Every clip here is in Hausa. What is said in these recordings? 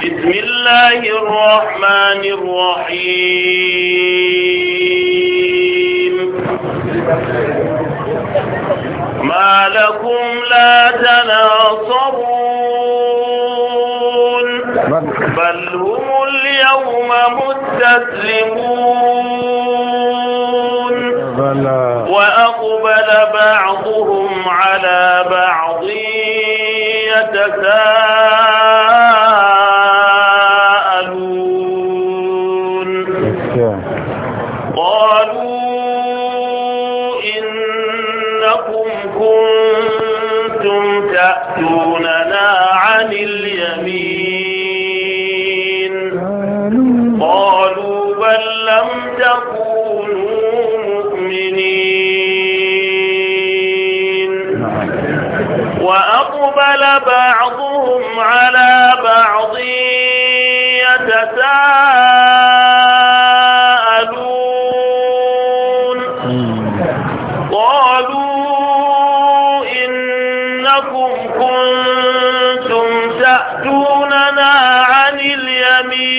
بسم الله الرحمن الرحيم ما لكم لا تناصرون بل هم اليوم مستسلمون وأقبل بعضهم على بعض يتساءلون بعضهم على بعض يتساءلون قالوا إنكم كنتم تأتوننا عن اليمين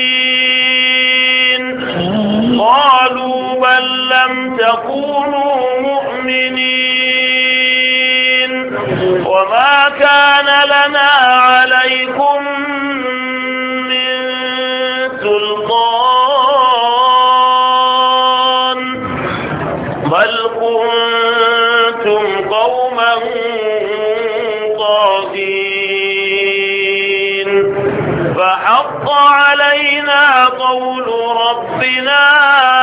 قالوا بل لم تكونوا ما كان لنا عليكم من سلطان بل كنتم قوما طاغين فحق علينا قول ربنا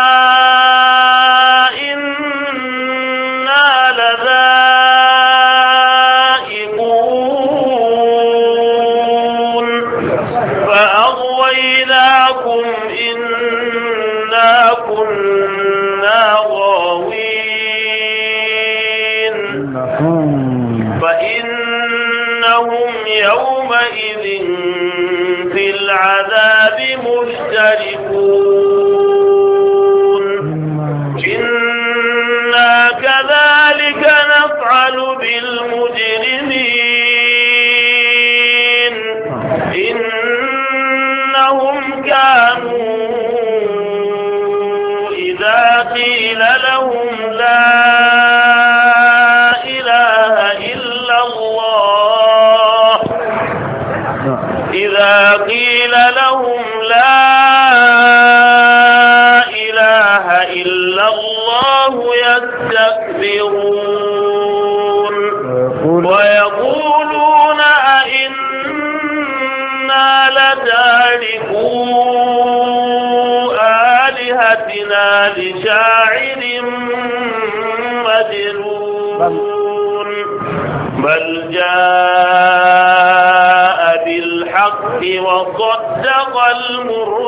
بالحق وصدق المرسلين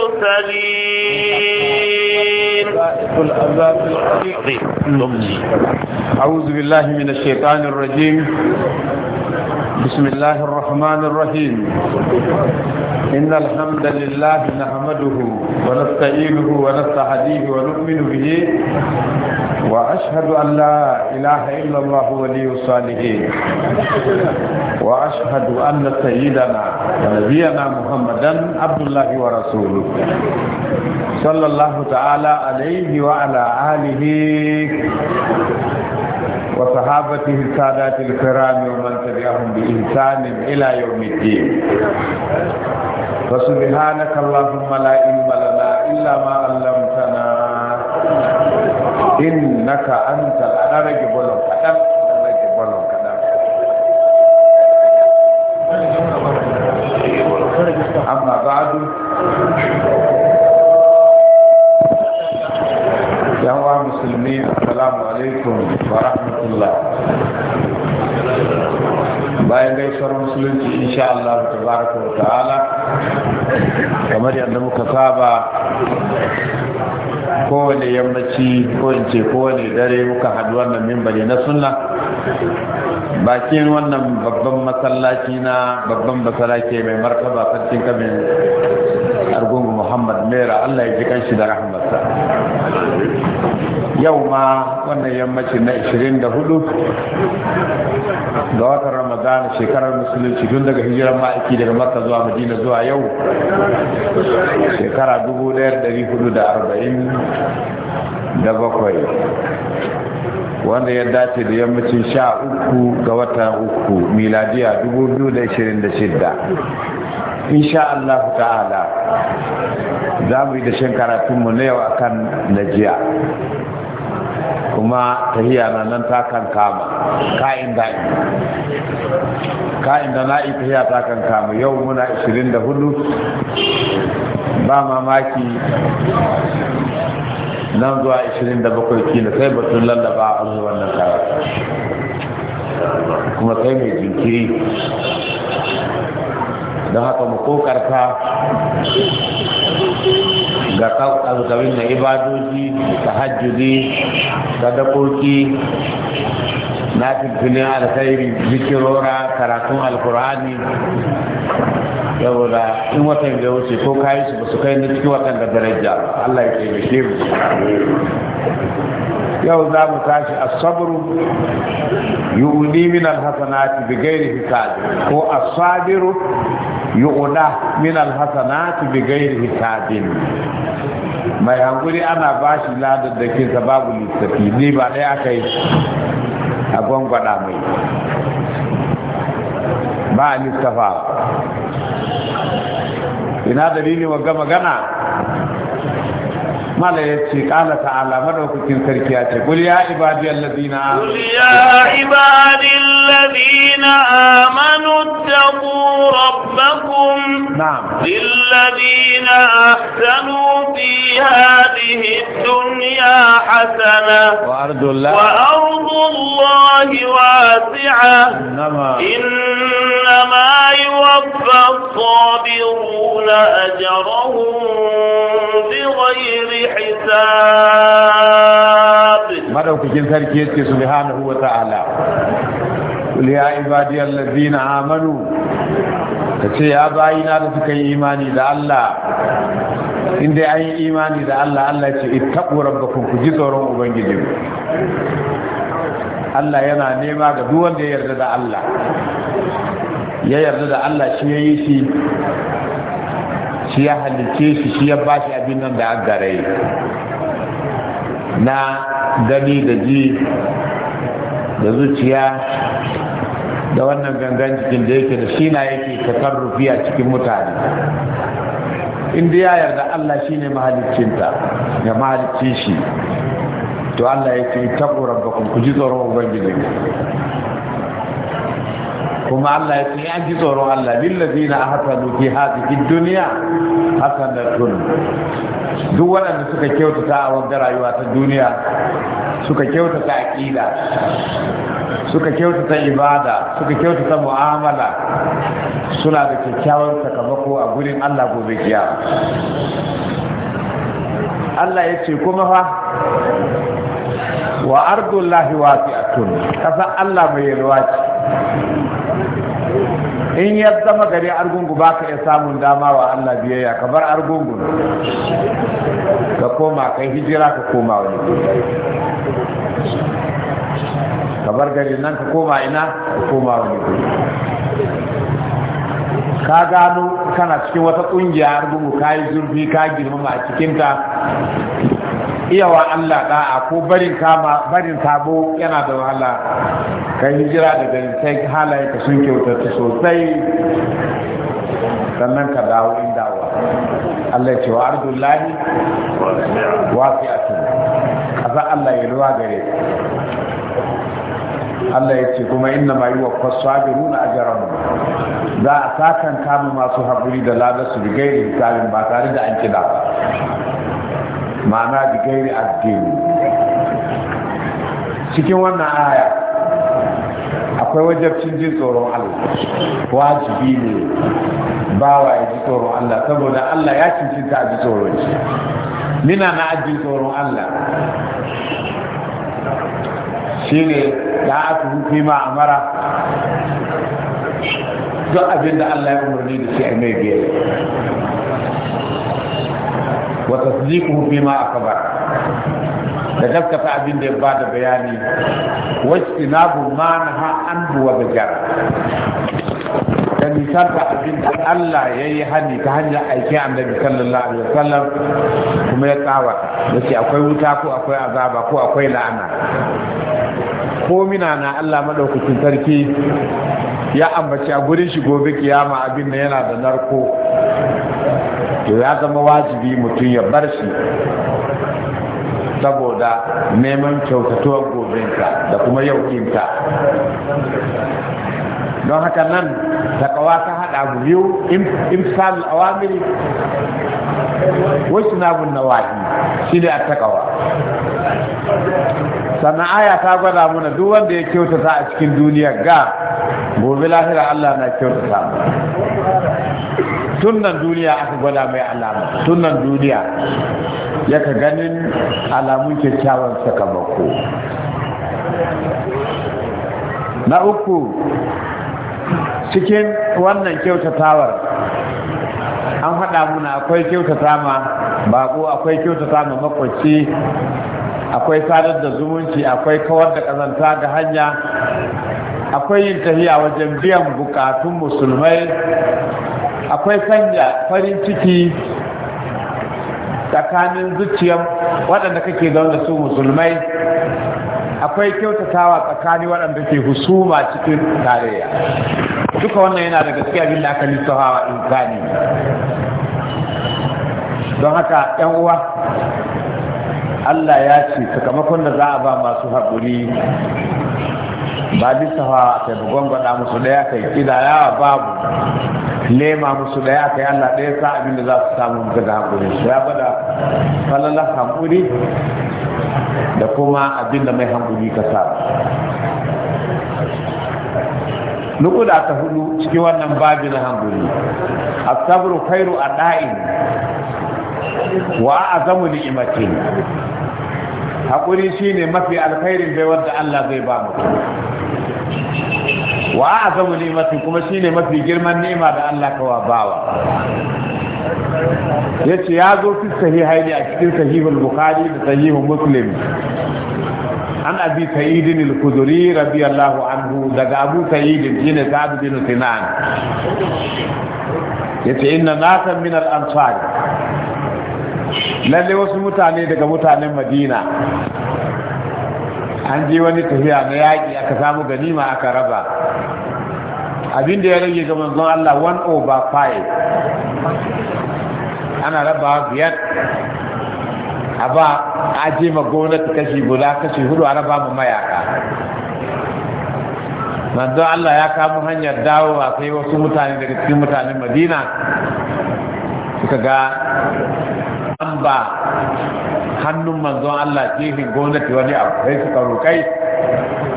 أعوذ بالله من الشيطان الرجيم بسم الله الرحمن الرحيم إن الحمد لله نحمده ونستعينه ونستهديه ونؤمن به وأشهد أن لا إله إلا الله ولي الصالحين وأشهد أن سيدنا ونبينا محمدا عبد الله ورسوله صلى الله تعالى عليه وعلى آله وصحابته السادات الكرام ومن تبعهم بإحسان إلى يوم الدين فسبحانك اللهم لا علم لنا إلا ما علمتنا إنك أنت الأرج بلوك أدم الأرج بلوك أدم أما بعد musulmi assalamu alaikum wa rahmatullah bayan gaisuwar musulunci insha Allah tabaraka wa ta'ala kamar yadda muka saba kowane yammaci ko in ce kowane dare muka haɗu wannan mimbari na sunna bakin wannan babban masallaci na babban masallaci mai martaba sarkin kamin argungu muhammad mera allah ya ji kanshi da rahmatsa yau ma wannan yammacin na 24 ga watan Ramadana shekarar musulunci tun daga hijiran ma'aiki daga makka zuwa madina zuwa yau shekara 1447 da bakwai wanda ya dace da yammacin sha uku ga watan uku miladiya 2026 insha Allah ta'ala za mu yi da shan karatunmu na yau akan najiya kuma tahiya na nan ta kan kama ka'in da'i ka'in da na'i tahiya ta kan kama yau muna 24 ba mamaki nan zuwa 27 kila sai batun lallaba a wannan karatu kuma sai mai jinkiri don haka mu kokarta ga azkawin na ibadoji ta sadakoki na tuntunin alkhairi zikirora karatun alkur'ani saboda in watan da wuce ko kayi su basu kai na cikin watan da daraja Allah ya taimake mu yau za mu tashi as-sabru yu'ni min al bi ghairi hisab ko a sabiru yu'na min al bi ghairi hisabin mai hankuri ana bashi ladar da babu lissafi ne ba ɗaya aka yi a gwangwada mai ba a ina dalilin wagga magana mala ya ce kala ta'ala madaukakin sarki ya ce kul ya ibadi alladhina kul ya amanu واتقوا ربكم نعم للذين أحسنوا في هذه الدنيا حسنة وأرض الله وأرض الله واسعة إنما, إنما يوفى الصابرون أجرهم بغير حساب ماذا جنسان تركيتك سبحانه وتعالى kuli ya allazi na amanu ce ya na da suka yi imani da Allah in dai an yi imani da Allah Allah ce ittaqu rabbakum ku ji tsoron ubangiji Allah yana nema ga duk wanda ya yarda da Allah ya yarda da Allah shi ya yi shi shi ya halice shi shi ya ba shi abin nan da agarai na gani da ji da zuciya da wannan gangan cikin da yake da shi na yake takarrufi a cikin mutane in ya yarda Allah shi ne mahaliccinta ya mahalicci shi to Allah ya ce tabu rabbakum ku ji tsoron ubangiji kuma Allah ya ce an ji tsoron Allah lillazina ahsanu duniya? hadhihi da tun duk waɗanda suka kyautata a wanda rayuwa ta duniya suka kyautata ƙida. suka kyautata ibada suka kyautata mu'amala suna da kyakkyawan sakamako a gurin Allah gobe kiyama Allah ya ce kuma fa wa ardullahi wasi'atun kasa Allah mai yalwa ce in ya zama gari argungu ba ka iya samun dama wa Allah biyayya ka bar argungu ka koma kai hijira ka koma wani ka bar gari nan ka koma ina ka koma wani guri ka gano kana cikin wata kungiya rubu bugu ka yi zurfi ka girmama a cikinta iyawa Allah da'a ko barin kama barin sabo yana da wahala Ka yi hijira da garin sai halaye ka sun kyautata sosai sannan ka dawo in dawo Allah ce wa ardullahi wasi'atu kaza Allah ya ruwa gare Allah ya ce kuma inna ma yuwaffa sabiruna ajrahum za a sakan kama masu haƙuri da ladar su gairi hisabin ba tare da an kida ba ma'ana gairi addini cikin wannan aya akwai wajabcin jin tsoron Allah wajibi ne bawa ya ji tsoron Allah saboda Allah ya cincinta a ji tsoron shi nina na ajin tsoron Allah shine da aka hufi ma amara duk abin da Allah ya umarni da shi a mai biya wa tasdiquhu bima akbar da gaskata abin da ya ba da bayani wacce na bu ma na ha an buwa da da nisar da abin da Allah ya yi hannu ta hanyar aiki annabi sallallahu alaihi sallar kuma ya tsawa da ce akwai wuta ko akwai azaba ko akwai la'ana ko mina na Allah madaukakin sarki ya ambaci a gurin shi gobe kiyama abin da yana da narko to ya zama wajibi mutum ya bar shi saboda neman kyautatuwar gobenka da kuma yaukinka don haka nan takawa ta haɗa abu biyu imsal awamiri wasu nabun nawahi shi ne a takawa sannan aya ta gwada mana duk wanda ya kyautata a cikin duniya ga gobe lahira Allah na kyautata tun nan duniya aka gwada mai alama tun nan duniya ya ka ganin alamun kyakkyawan sakamako na uku cikin wannan kyautatawar an haɗa muna akwai kyautata ma bako akwai kyautata ma makwacci akwai sadar da zumunci akwai kawar da ƙazanta ga hanya akwai yin tafiya wajen biyan bukatun musulmai akwai sanya farin ciki tsakanin zuciyar waɗanda kake zaune su musulmai akwai kyautatawa tsakanin waɗanda ke husuma cikin tarayya duka wannan yana daga cikin abin da aka in insani don haka yan uwa Allah ya ce sakamakon da za a ba masu haƙuri ba bisa fa ta da musu da ya kai kida yawa babu nema musu da ya kai Allah ya sa abin da za su samu ga da hakuri ya bada falalar hakuri da kuma abin da mai hakuri ka sa da ta hudu cikin wannan babu na hankuri asabru khairu ada'in wa a azamu ni'matin haƙuri shine mafi alkhairin bai wadda Allah zai ba mu wa azamu ni'mati kuma shine mafi girman ni'ima da Allah kawa bawa yace ya zo fi sahihaini a cikin sahihul bukhari da sahihul muslim an abi sa'idin al-khudri radiyallahu anhu daga abu sa'idin shine sa'd bin sinan yace inna nasan min al-ansar lalle wasu mutane daga mutanen madina an je wani tafiya na yaƙi aka samu ganima aka raba abinda ya rage ga manzon Allah 1 over 5 ana raba biyar a ba a je ma gwamnati kashi guda kashi hudu a raba ma mayaka manzon Allah ya kamo hanyar dawo a sai wasu mutane daga cikin mutanen madina suka ga ba hannun manzon Allah cikin gwamnati wani abu sai suka kai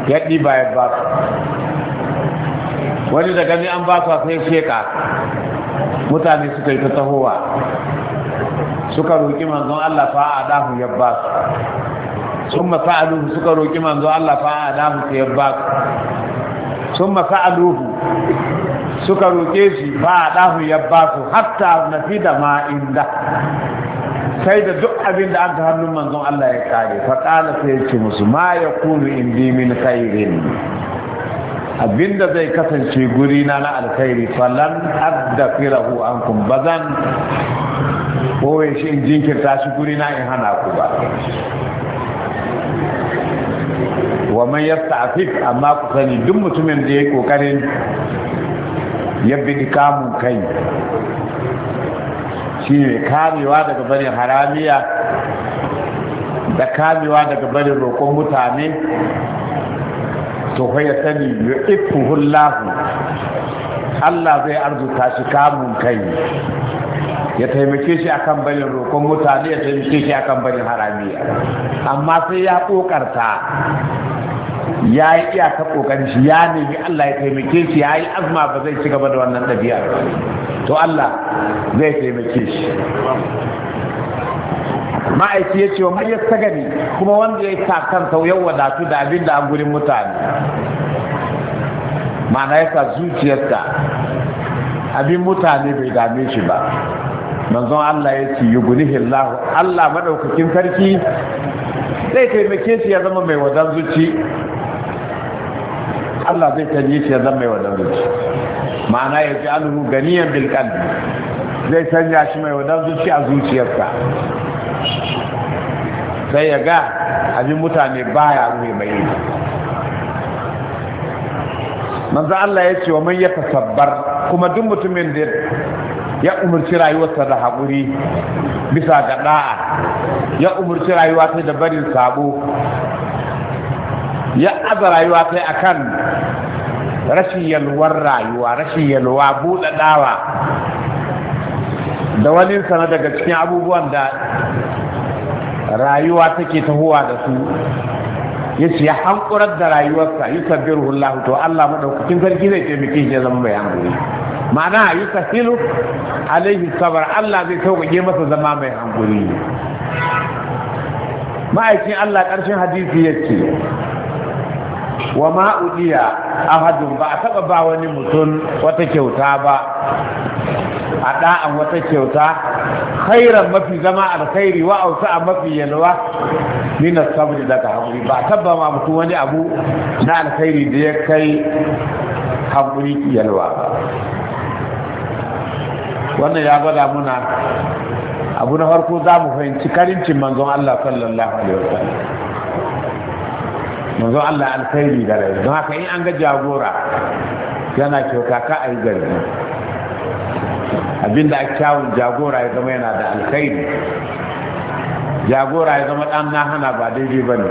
ya ɗiba ya ba su wani da gani an ba su sai sheka mutane suka yi ta tahowa suka roƙi manzon Allah fa a dahu ya ba su sun masa'aluhu suka roƙi manzon Allah fa a dahu ta ya ba su sun masa'aluhu suka roƙe shi ba a dahu ya ba su hatta na fi da ma'inda sai da duk abin da aka hannun manzon Allah ya kare fa kana sai ce musu ma yakunu indi min khairin abinda zai kasance guri na na alkhairi adda firahu ankum bazan wai shi in jinkirta shi guri na in hana ku ba wa man yasta'fif amma ku sani duk mutumin da ya kokarin ya bi kamun kai shi ne kamewa daga barin haramiya da kamewa daga barin roƙon mutane to kai ya sani ya ifuhullahu Allah zai arzuta shi kamun kai ya taimake shi akan barin roƙon mutane ya taimake shi akan barin haramiya amma sai ya ƙoƙarta ya yi iyaka kokarin shi ya nemi Allah ya taimake shi ya yi azma ba zai ci gaba da wannan ɗabi'a to Allah zai taimake shi ma'aiki ya ce wa mai yasta gani kuma wanda ya sa kansa yau wadatu da abin da gurin mutane ma'ana ya sa zuciyarsa abin mutane bai dame shi ba manzon Allah ya ce yugunihi Allah Allah maɗaukakin sarki zai taimake shi ya zama mai wadan zuci Allah zai ta shi ya zama yawa dauri ma'ana ya ji alhu ganiyan bilkan zai sanya shi mai wadar zuci a zuciyarsa sai ya ga abin mutane baya ruhe mai yi manzo Allah ya ce wa man sabbar kuma duk mutumin da ya umarci rayuwarsa da haƙuri bisa ga da'a ya umarci rayuwa ta da barin sabo ya aza rayuwa sai akan rashin yalwar rayuwa rashin yalwa buɗaɗawa da wani sana daga cikin abubuwan da rayuwa take tahowa da su ya ce ya hankurar da rayuwarsa yi sabbin hullahu to Allah maɗaukakin sarki zai taimake shi zama mai hankuri ma'ana yi sahilu alaihi sabar Allah zai sauƙaƙe masa zama mai hankuri ma'aikin Allah ƙarshen hadisi ya ce wa udiya ahadun ba a taba ba wani mutum wata kyauta ba a da'an wata kyauta khairan mafi zama alkhairi wa auta a mafi yalwa min sabri daga hakuri ba taba ma mutum wani abu na alkhairi da ya kai haƙuri yalwa wannan ya gwada muna abu na farko za mu fahimci karincin manzon Allah sallallahu alaihi wasallam manzo Allah alkhairi da rai don haka in an ga jagora yana kyauta ka a yi garbi abinda a kyawun jagora ya zama yana da alkhairi jagora ya zama ɗan na hana ba daidai ba ne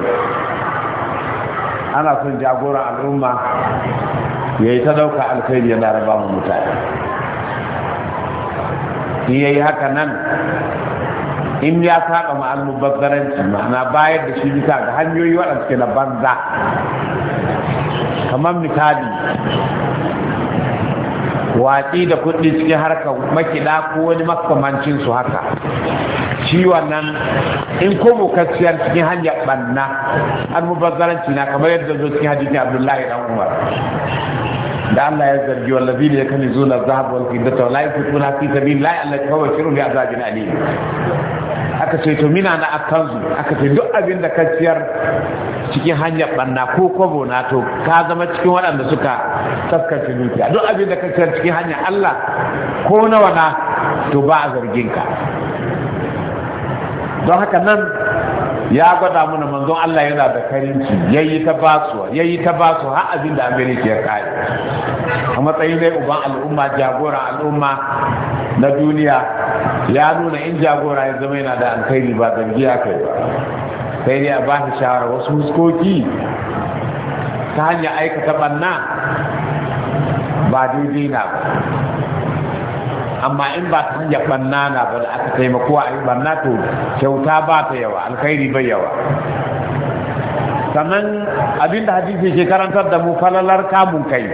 ana son jagora al'umma ya yi ta ɗauka alkhairi yana raba mu mutane in ya yi haka nan in ya saba ma almubazzaranci na bayar da shi bisa ga hanyoyi waɗanda suke na banza kamar misali watsi da kuɗi cikin harkar makiɗa ko wani makamancin su haka shi wannan in ko mukassiyar cikin hanyar ɓanna almubazzaranci na kamar yadda zo cikin hadisin abdullahi dan umar da Allah ya zargi wallazi ne kan zo na zahab wal fiddata la yakuna fi sabilillahi Allah kawai shiru bi azabin alim aka ce to mina na akansu aka ce duk abin da ka ciyar cikin hanyar banna ko kwabo na to ka zama cikin waɗanda suka taskace dukiya duk abin da ka ciyar cikin hanyar Allah ko nawa na to ba a zargin ka don haka nan ya gwada mana manzon Allah yana da karinci yayi ta basuwa yayi ta basuwa har abin da Amerika ya kai a matsayin dai uban al'umma jagora al'umma na duniya ya nuna in jagora ya zama yana da alkhairi ba dangiya kai ba sai dai a ba shi shawara wasu huskoki ta hanyar aikata banna ba daidai na ba amma in ba ta hanyar banna na ba da aka taimako a yi banna to kyauta ba ta yawa alkhairi bai yawa sannan abinda hadisi ke karantar da mu falalar kamun kai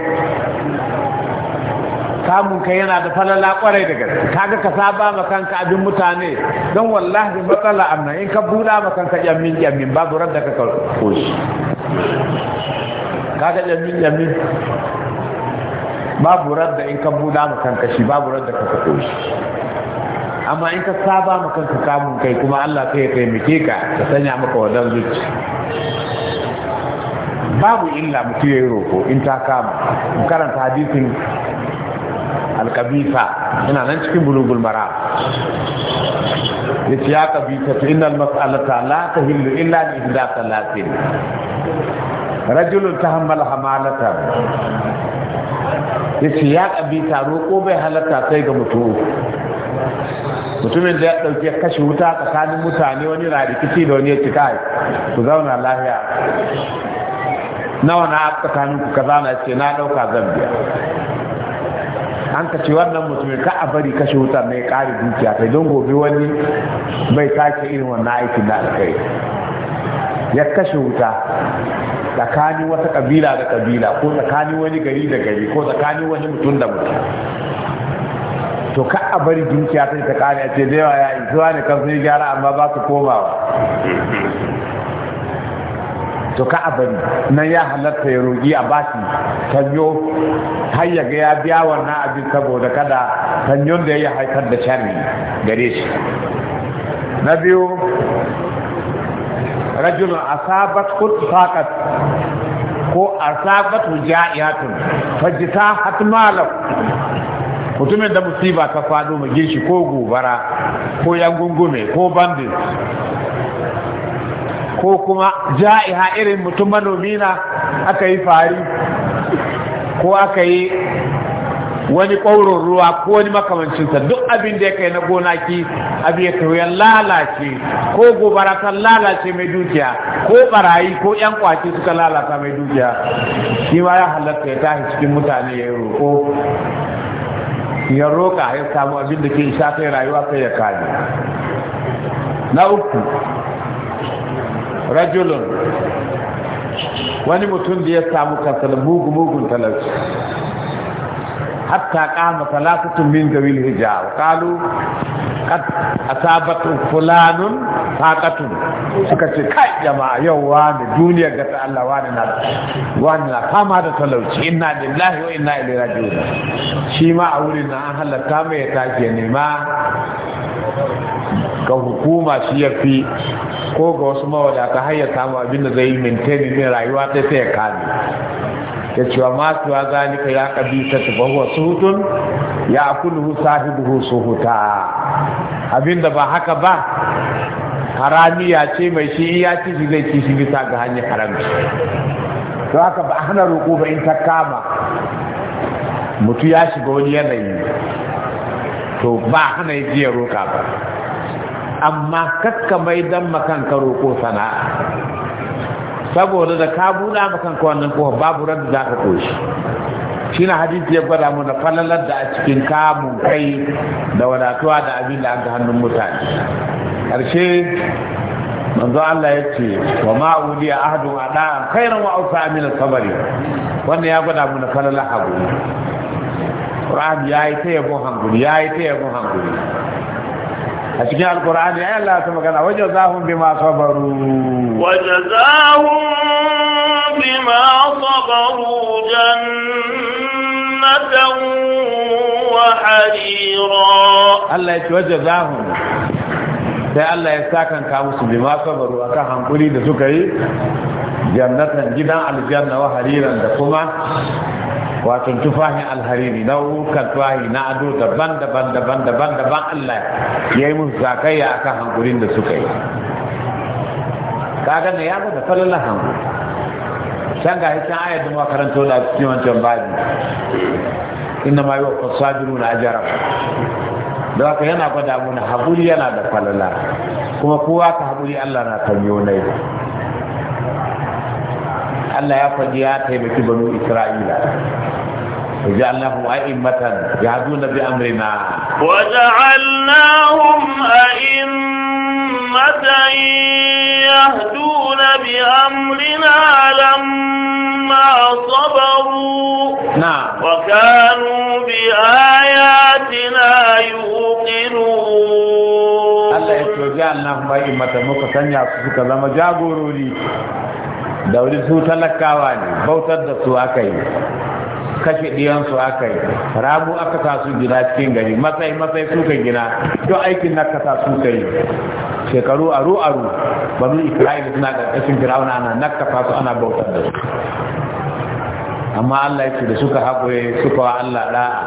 kamun kai yana da falala kwarai da gaske kaga ka saba ma kanka abin mutane don wallahi matsala amma in ka buda ma kanka yammin yammin babu da ka kawo kaga yammin yammin babu radda in ka buɗa ma kanka shi babu radda ka sako shi amma in ka saba ma kanka kamun kai kuma Allah sai ya taimake ka ta sanya maka wadan zuci babu illa mutum yayi roko in ta kama in karanta hadisin alkabisa ina nan cikin bulugul mara yace ya kabisa to innal mas'alata la tahillu illa bi ihda salatin rajulun tahammala hamalatan ya ce ya taro roƙo bai halatta sai ga mutum mutumin da ya ɗauki ya kashe wuta tsakanin mutane wani na rikici da wani ya ci kai ku zauna lahiya nawa na a tsakanin ku kaza na ce na ɗauka zan biya an ka ce wannan mutumin ka a bari kashe wuta mai ƙari dukiya kai don gobe wani bai sake irin wannan aikin na alkai ya kashe wuta tsakanin wata kabila da kabila ko tsakanin wani gari da gari ko tsakanin wani mutum da mutum to ka a bari dukiya ta ta kare a ce da yawa ya zuwa ne kan sun gyara amma ba su komawa to ka a bari nan ya halatta ya roƙi a bashi tanyo har ya ga ya biya wannan abin saboda kada tanyon da ya haifar da sharri gare shi na biyu rajulun asabat kutfaqat ko asabat ja'iatun fajita hatmalam mutumin da musiba ta faɗo mu gishi ko gobara ko yan ko bandit ko kuma ja'iha irin mutum manomi na aka yi fari ko aka yi wani ƙwaurin ruwa ko wani makamancinsa duk abin da ya kai na gonaki abin ya kai lalace ko gobara ta lalace mai dukiya ko barayi ko yan kwaki suka lalata mai dukiya shi ma ya halatta ya tashi cikin mutane ya roƙo ya roƙa ya samu abin da ke isa kai rayuwa kai ya kaji na uku rajulun wani mutum da ya samu kansa da mugu mugun talauci hatta qama thalathatun min zawil hijab qalu qad asabatu fulanun faqatun suka ce kai jama'a yau wani duniya ga Allah wani na na kama da talauci inna lillahi wa inna ilaihi raji'un shi ma a wurin nan an halatta mai ya tashi ya nema ga hukuma shi ya fi ko ga wasu mawadata har ya samu abinda zai yi maintainin rayuwa ta sai ya kame ya cewa wa masu zalika ya kabita ta bahuwa suhutun ya akulu sahibu suhuta abinda ba haka ba haramiya ce mai shi ya ci shi zai ci shi bisa ga hanyar haramci to haka ba hana roƙo ba in ta kama mutu ya shiga wani yanayi to ba hana ya jiya roƙa ba amma kakka mai dan makan roƙo sana'a saboda da ka buɗa maka wannan kofa babu radda za ka koshi shi na hadisi ya gwada mana falalar da a cikin kamun kai da wadatuwa da abin da ga hannun mutane ƙarshe manzo Allah ya ce wa ma uliya ahadun ada khairan wa awsa min sabari wannan ya gwada mana falalar hagu Qur'an ya yi ta yabon hanguri ya yi ta yabon hanguri a cikin alkur'ani ayan Allah ta magana waje za zahun bi ma sabaru waje zahun bi ma sabaru jannatan wa harira Allah ya ce waje zahun sai Allah ya sakanka musu bi ma sabaru akan hankuri da suka yi jannatan gidan aljanna wa hariran da kuma wato tufahin alhariri na wukan tufafi na ado daban daban daban daban daban Allah ya yi musu zakayya a akan hankulin da suka yi kaga ne ya ga falalar hankuri can ga hikin ayar da makarantar da cikin wancan babi inda ma yi wa fasajiru na ajiyar da haka yana gwada muna haƙuri yana da falala kuma kowa ka haƙuri allah na kan yi الله ya faɗi ya taimaki banu وجعلناهم أئمة يهدون بأمرنا وجعلناهم أئمة يهدون بأمرنا لما صبروا نعم وكانوا بآياتنا يوقنون to ji Allahumma mata muka sanya su suka zama jagorori da wuri su talakawa ne bautar da su aka yi kashe su aka yi rabu aka sa su gina cikin gari matsayi matsayi ka gina to aikin na kasa su ka yi shekaru aru aru banu isra'ila suna ƙarƙashin firawuna ana nakkafa su ana bautar da su amma Allah ya ce da suka haƙure suka wa Allah da'a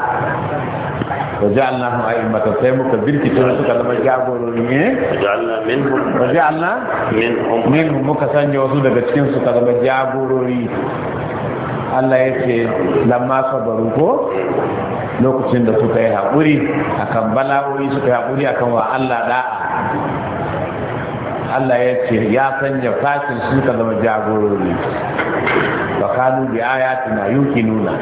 وجعلناهم أئمة سيمك بنتي تنسك لما جابوا وجعلنا منهم وجعلنا منهم منهم مكسان جوزو daga cikin su kaga jagorori Allah ya ce lamma sabaru ko lokacin da suka yi haƙuri akan bala'o'i suka yi haƙuri akan wa Allah da'a Allah ya ce ya sanya fashin suka zama jagorori ba kanu bi ayatina nuna.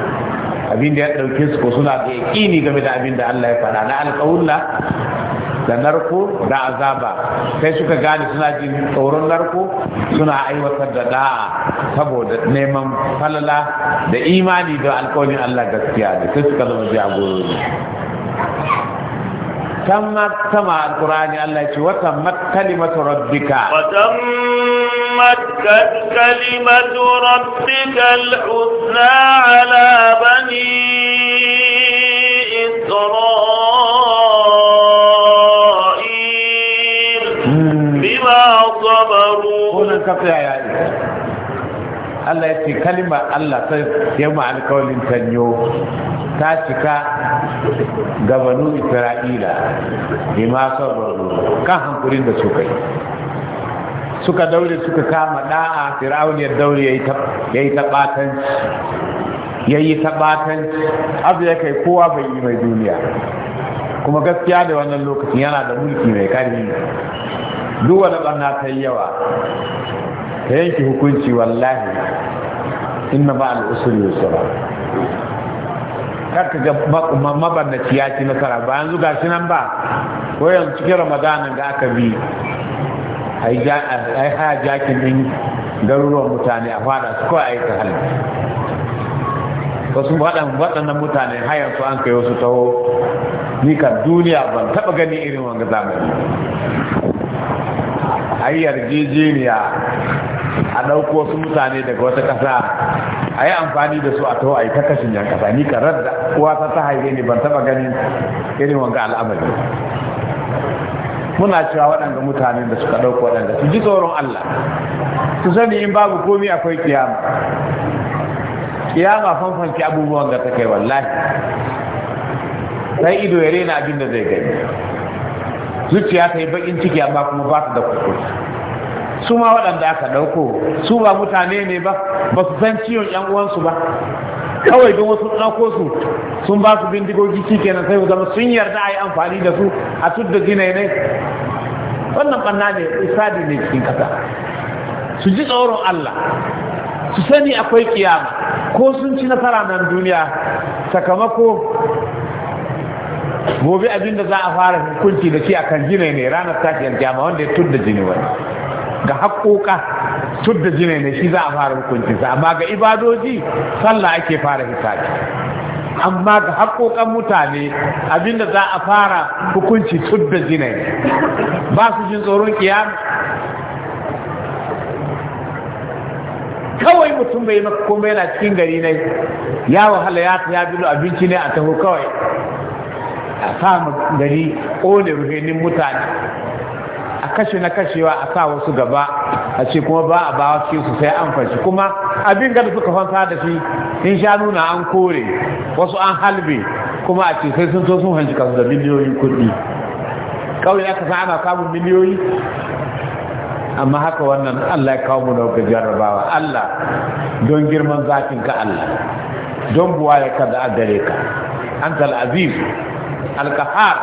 abin da ya ɗauke su ko suna da yaƙini game da abin da Allah ya faɗa na alƙawulla da narko da azaba sai suka gane suna jin tsoron narko suna aiwatar da da'a saboda neman falala da imani da alƙawarin Allah gaskiya ne sai suka zama jagorori Allah ya ce wa يقول kalimatu rabbika wa tamma مكت كلمة ربك الحسنى على بني إسرائيل بما صبروا هنا انقطع يا الله يكفي كلمة الله يوم على قول تنيو تاتيكا غفنو إسرائيل بما صبروا كان هم قرين بسوكي suka daure suka kama da'a fir'aun ya daure ya yi taɓatanci. ya yi abu ya kai kowa bai yi mai duniya kuma gaskiya da wannan lokacin yana da mulki mai karfi duk wani barna ta yawa ta yanki hukunci wallahi inna ba al'usul yusra karka ga mabannaci ya ci nasara ba yanzu shi nan ba ko yanzu cikin ramadana da aka bi a yi haya jakin ɗin garuruwan mutane a fada su kawai a yi ta halin wasu waɗannan mutane hayan su an kai wasu taho ni ka duniya ban taɓa gani irin wanga zamani a yi yarjejeniya a ɗauko wasu mutane daga wata ƙasa a yi amfani da su a taho a yi kakashin yan ƙasa ni ka radda uwa ta ta haife ni ban taɓa gani irin wanga al'amari muna cewa waɗanda mutanen da suka ɗauka waɗanda su ji tsoron Allah su sani in babu komi akwai kiyama kiyama fanfanki abubuwan da ta kai wallahi sai ido ya rena abin da zai gani zuciya ta yi baƙin ciki amma kuma ba su da kuku su ma waɗanda aka ɗauko su ba mutane ne ba ba su san ciwon ƴan uwansu ba kawai don wasu ɗako su sun ba su bindigogi shi kenan sai zama sun yarda a yi amfani da su a tudda zinai wannan ɓanna ne isadi ne cikin ƙasa su ji tsoron Allah su sani akwai kiyama ko sun ci nasara nan duniya sakamako gobe abin da za a fara hukunci da shi akan gina ne ranar tashiyar kiyama wanda ya tudda jini wani ga haƙoƙa tudda jine ne shi za a fara sa amma ga ibadoji sallah ake fara hisabi amma ga haƙoƙan mutane abinda za a fara hukunci tudda jine ba su jin tsoron kiyama kawai mutum bai maka komai yana cikin gari ne ya wahala ya ta ya bilo abinci ne a taho kawai a samun gari ƙone ruhenin mutane a kashe na kashewa a sa wasu gaba a ce kuma ba a bawa su sai an fashi kuma abin da suka fansa da shi in sha nuna an kore wasu an halbe kuma a ce sai sun so sun hanci kasu da miliyoyin kuɗi kawai aka san ana samun miliyoyi amma haka wannan Allah ya kawo mu daga jarrabawa Allah don girman zafin ka Allah don buwaye ka da gare ka antal aziz alkahar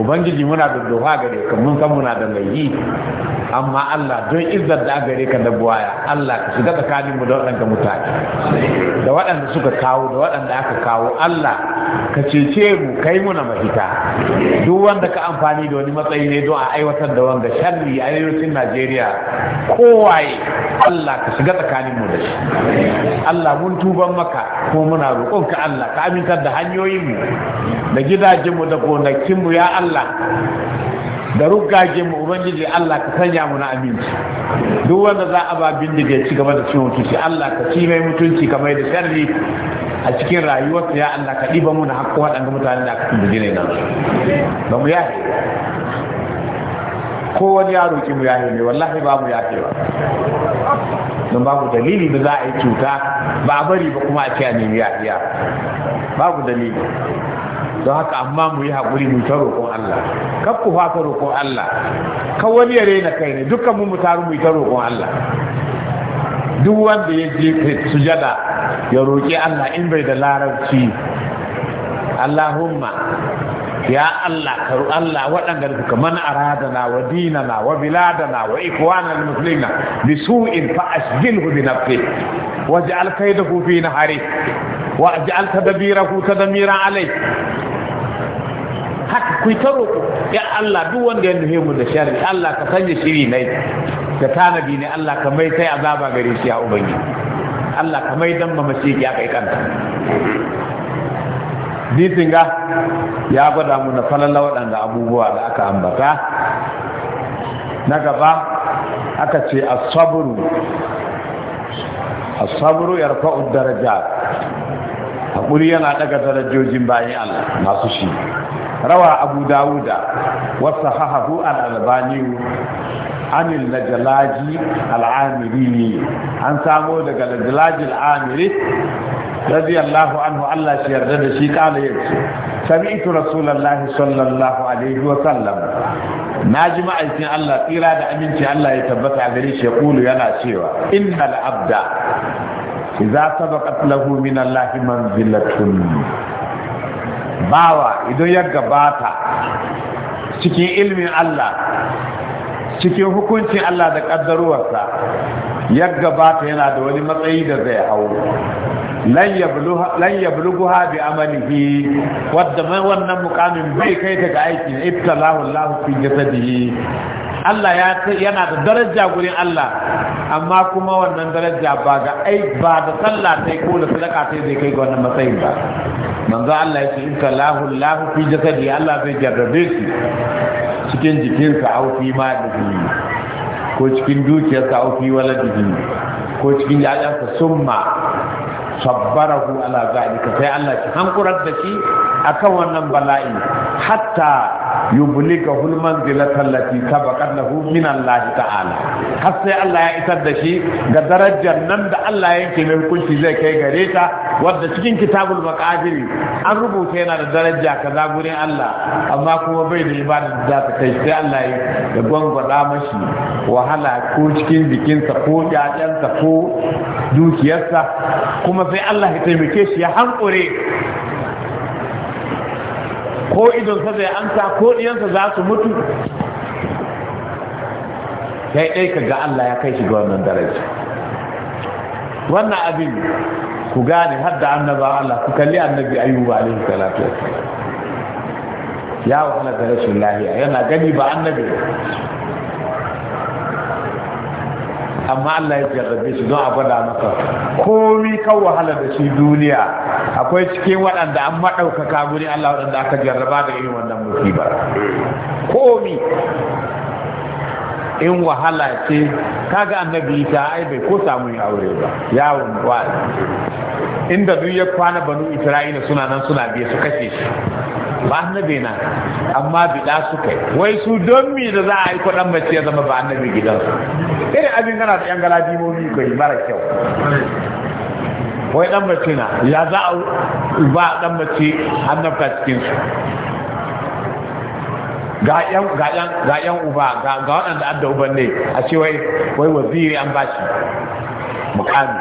ubangiji muna da gare ka mun san muna da yi amma Allah don izzar da gare ka da buwaya Allah ka shiga tsakanin mu da waɗanda mutane da waɗanda suka kawo da waɗanda aka kawo Allah ka cece mu kai muna mafita duk wanda ka amfani da wani matsayi ne don a aiwatar da wanga sharri a arewacin Najeriya kowaye Allah ka shiga tsakanin mu da shi Allah mun tuban maka ko muna roƙon ka Allah ka amintar da hanyoyin mu da gidajen mu da gonakin mu ya Allah Allah da rugage mu ubangiji Allah ka sanya mu na aminci duk wanda za a ba bindiga ya ci gaba da cin mutunci Allah ka ci mai mutunci ka mai da sharri a cikin rayuwarsa ya Allah ka ɗiba mu na haƙƙo waɗanda mutanen da aka tuntuji ne ba mu yahe ko wani ya roƙi mu yahe ne wallahi ba mu yahe ba don babu dalili da za a yi cuta ba a bari ba kuma a ce a nemi yahiya babu dalili don haka amma mu yi haƙuri mu ta roƙon Allah kaf ku fata roƙon Allah ka wani ya raina kai ne dukkan mu mu taru mu ta roƙon Allah duk wanda ya je sujada ya roƙi Allah in bai da larabci Allahumma ya Allah karu Allah waɗanda suka man aradana wa dinana wa biladana wa ikwana al-muslimina bi su'in fa ashghilhu bi nafsi ja'al kaydahu fi nahari ja'al tadbirahu tadmira alai. haka ku ta roƙo ya Allah duk wanda ya nuhe mu da sharri Allah ka sanya shiri nai da tanabi ne Allah ka mai sai azaba gare shi ya ubangi Allah ka mai damma mamaci ya kai kanta ditinga ya gwada mu na falalla waɗanda abubuwa da aka ambata na gaba aka ce asabru asabru yarfa'u a hakuri yana ɗaga darajojin bayan Allah masu shi rawa abu dawuda wasu hahahu al-albani anil lajalaji al'amiri ne. an samo daga lajalaji al'amiri radiyallahu anhu Allah shi yarda da shi kala yace sami'tu rasulullahi sallallahu alaihi wa sallam Na ji ma'aikin Allah tsira da aminci Allah ya tabbata a gare shi ya kulu yana cewa innal abda idza sabaqat lahu min Allah manzilatun bawa idan ya gabata cikin ilmin Allah cikin hukuncin Allah da ƙaddaruwarsa ya gabata yana da wani matsayi da zai hau lan ya bulguha bi amalihi wadda mai wannan mukamin bai kai daga aikin ibtalahu lahun fi jasadihi Allah ya yana da daraja gurin Allah amma kuma wannan daraja ba ga ba da sallah ko da sadaka sai zai kai ga wannan matsayin ba manzo Allah yake in kallahu Allah fi jasadi Allah zai jarrabe shi cikin jikinsa au fi ma ko cikin dukiyarsa au fi waladihi ko cikin ya'yansa summa sabbarahu ala zalika sai Allah ki hankurar da shi akan wannan bala'i hatta yubliga hul manzilata allati sabaqat min Allah ta'ala har sai Allah ya isar da shi ga darajar nan da Allah ya yanke mai hukunci zai kai gare ta wanda cikin kitabul maqadir an rubuta yana da daraja kaza gurin Allah amma kuma bai da ibada da ta kai sai Allah ya gwangwada mashi wahala ko cikin jikinsa ko ƴaƴansa ko dukiyarsa kuma sai Allah ya taimake shi ya hankure ko idon idonsa zai amsa ko ɗiyansa za su mutu kai ɗai ka ga Allah ya kai shi ga wannan daraja wannan abin ku gane har da annaba Allah ku kalli annabi ayyuba alaihi salatu wassalam ya wahala da rashin lafiya yana gani ba annabi amma Allah ya jarrabe su don a gwada maka komi kan wahala da shi duniya akwai cikin waɗanda an maɗaukaka guri Allah waɗanda aka jarraba da irin wannan musibar komi in wahala ce kaga annabi ta ai bai ko samu yin aure ba yawon wa inda duk ya kwana banu isra'ila suna nan suna biye su kashe shi ba annabi na amma bida suka wai su don mi da za a yi kudan mace ya zama ba annabi su? irin abin gana da yan ko yi mara kyau wai dan mace na ya za a ba dan mace annabta cikin su ga yan uba ga ga waɗanda adda uban ne a ce wai wai waziri an bashi mukami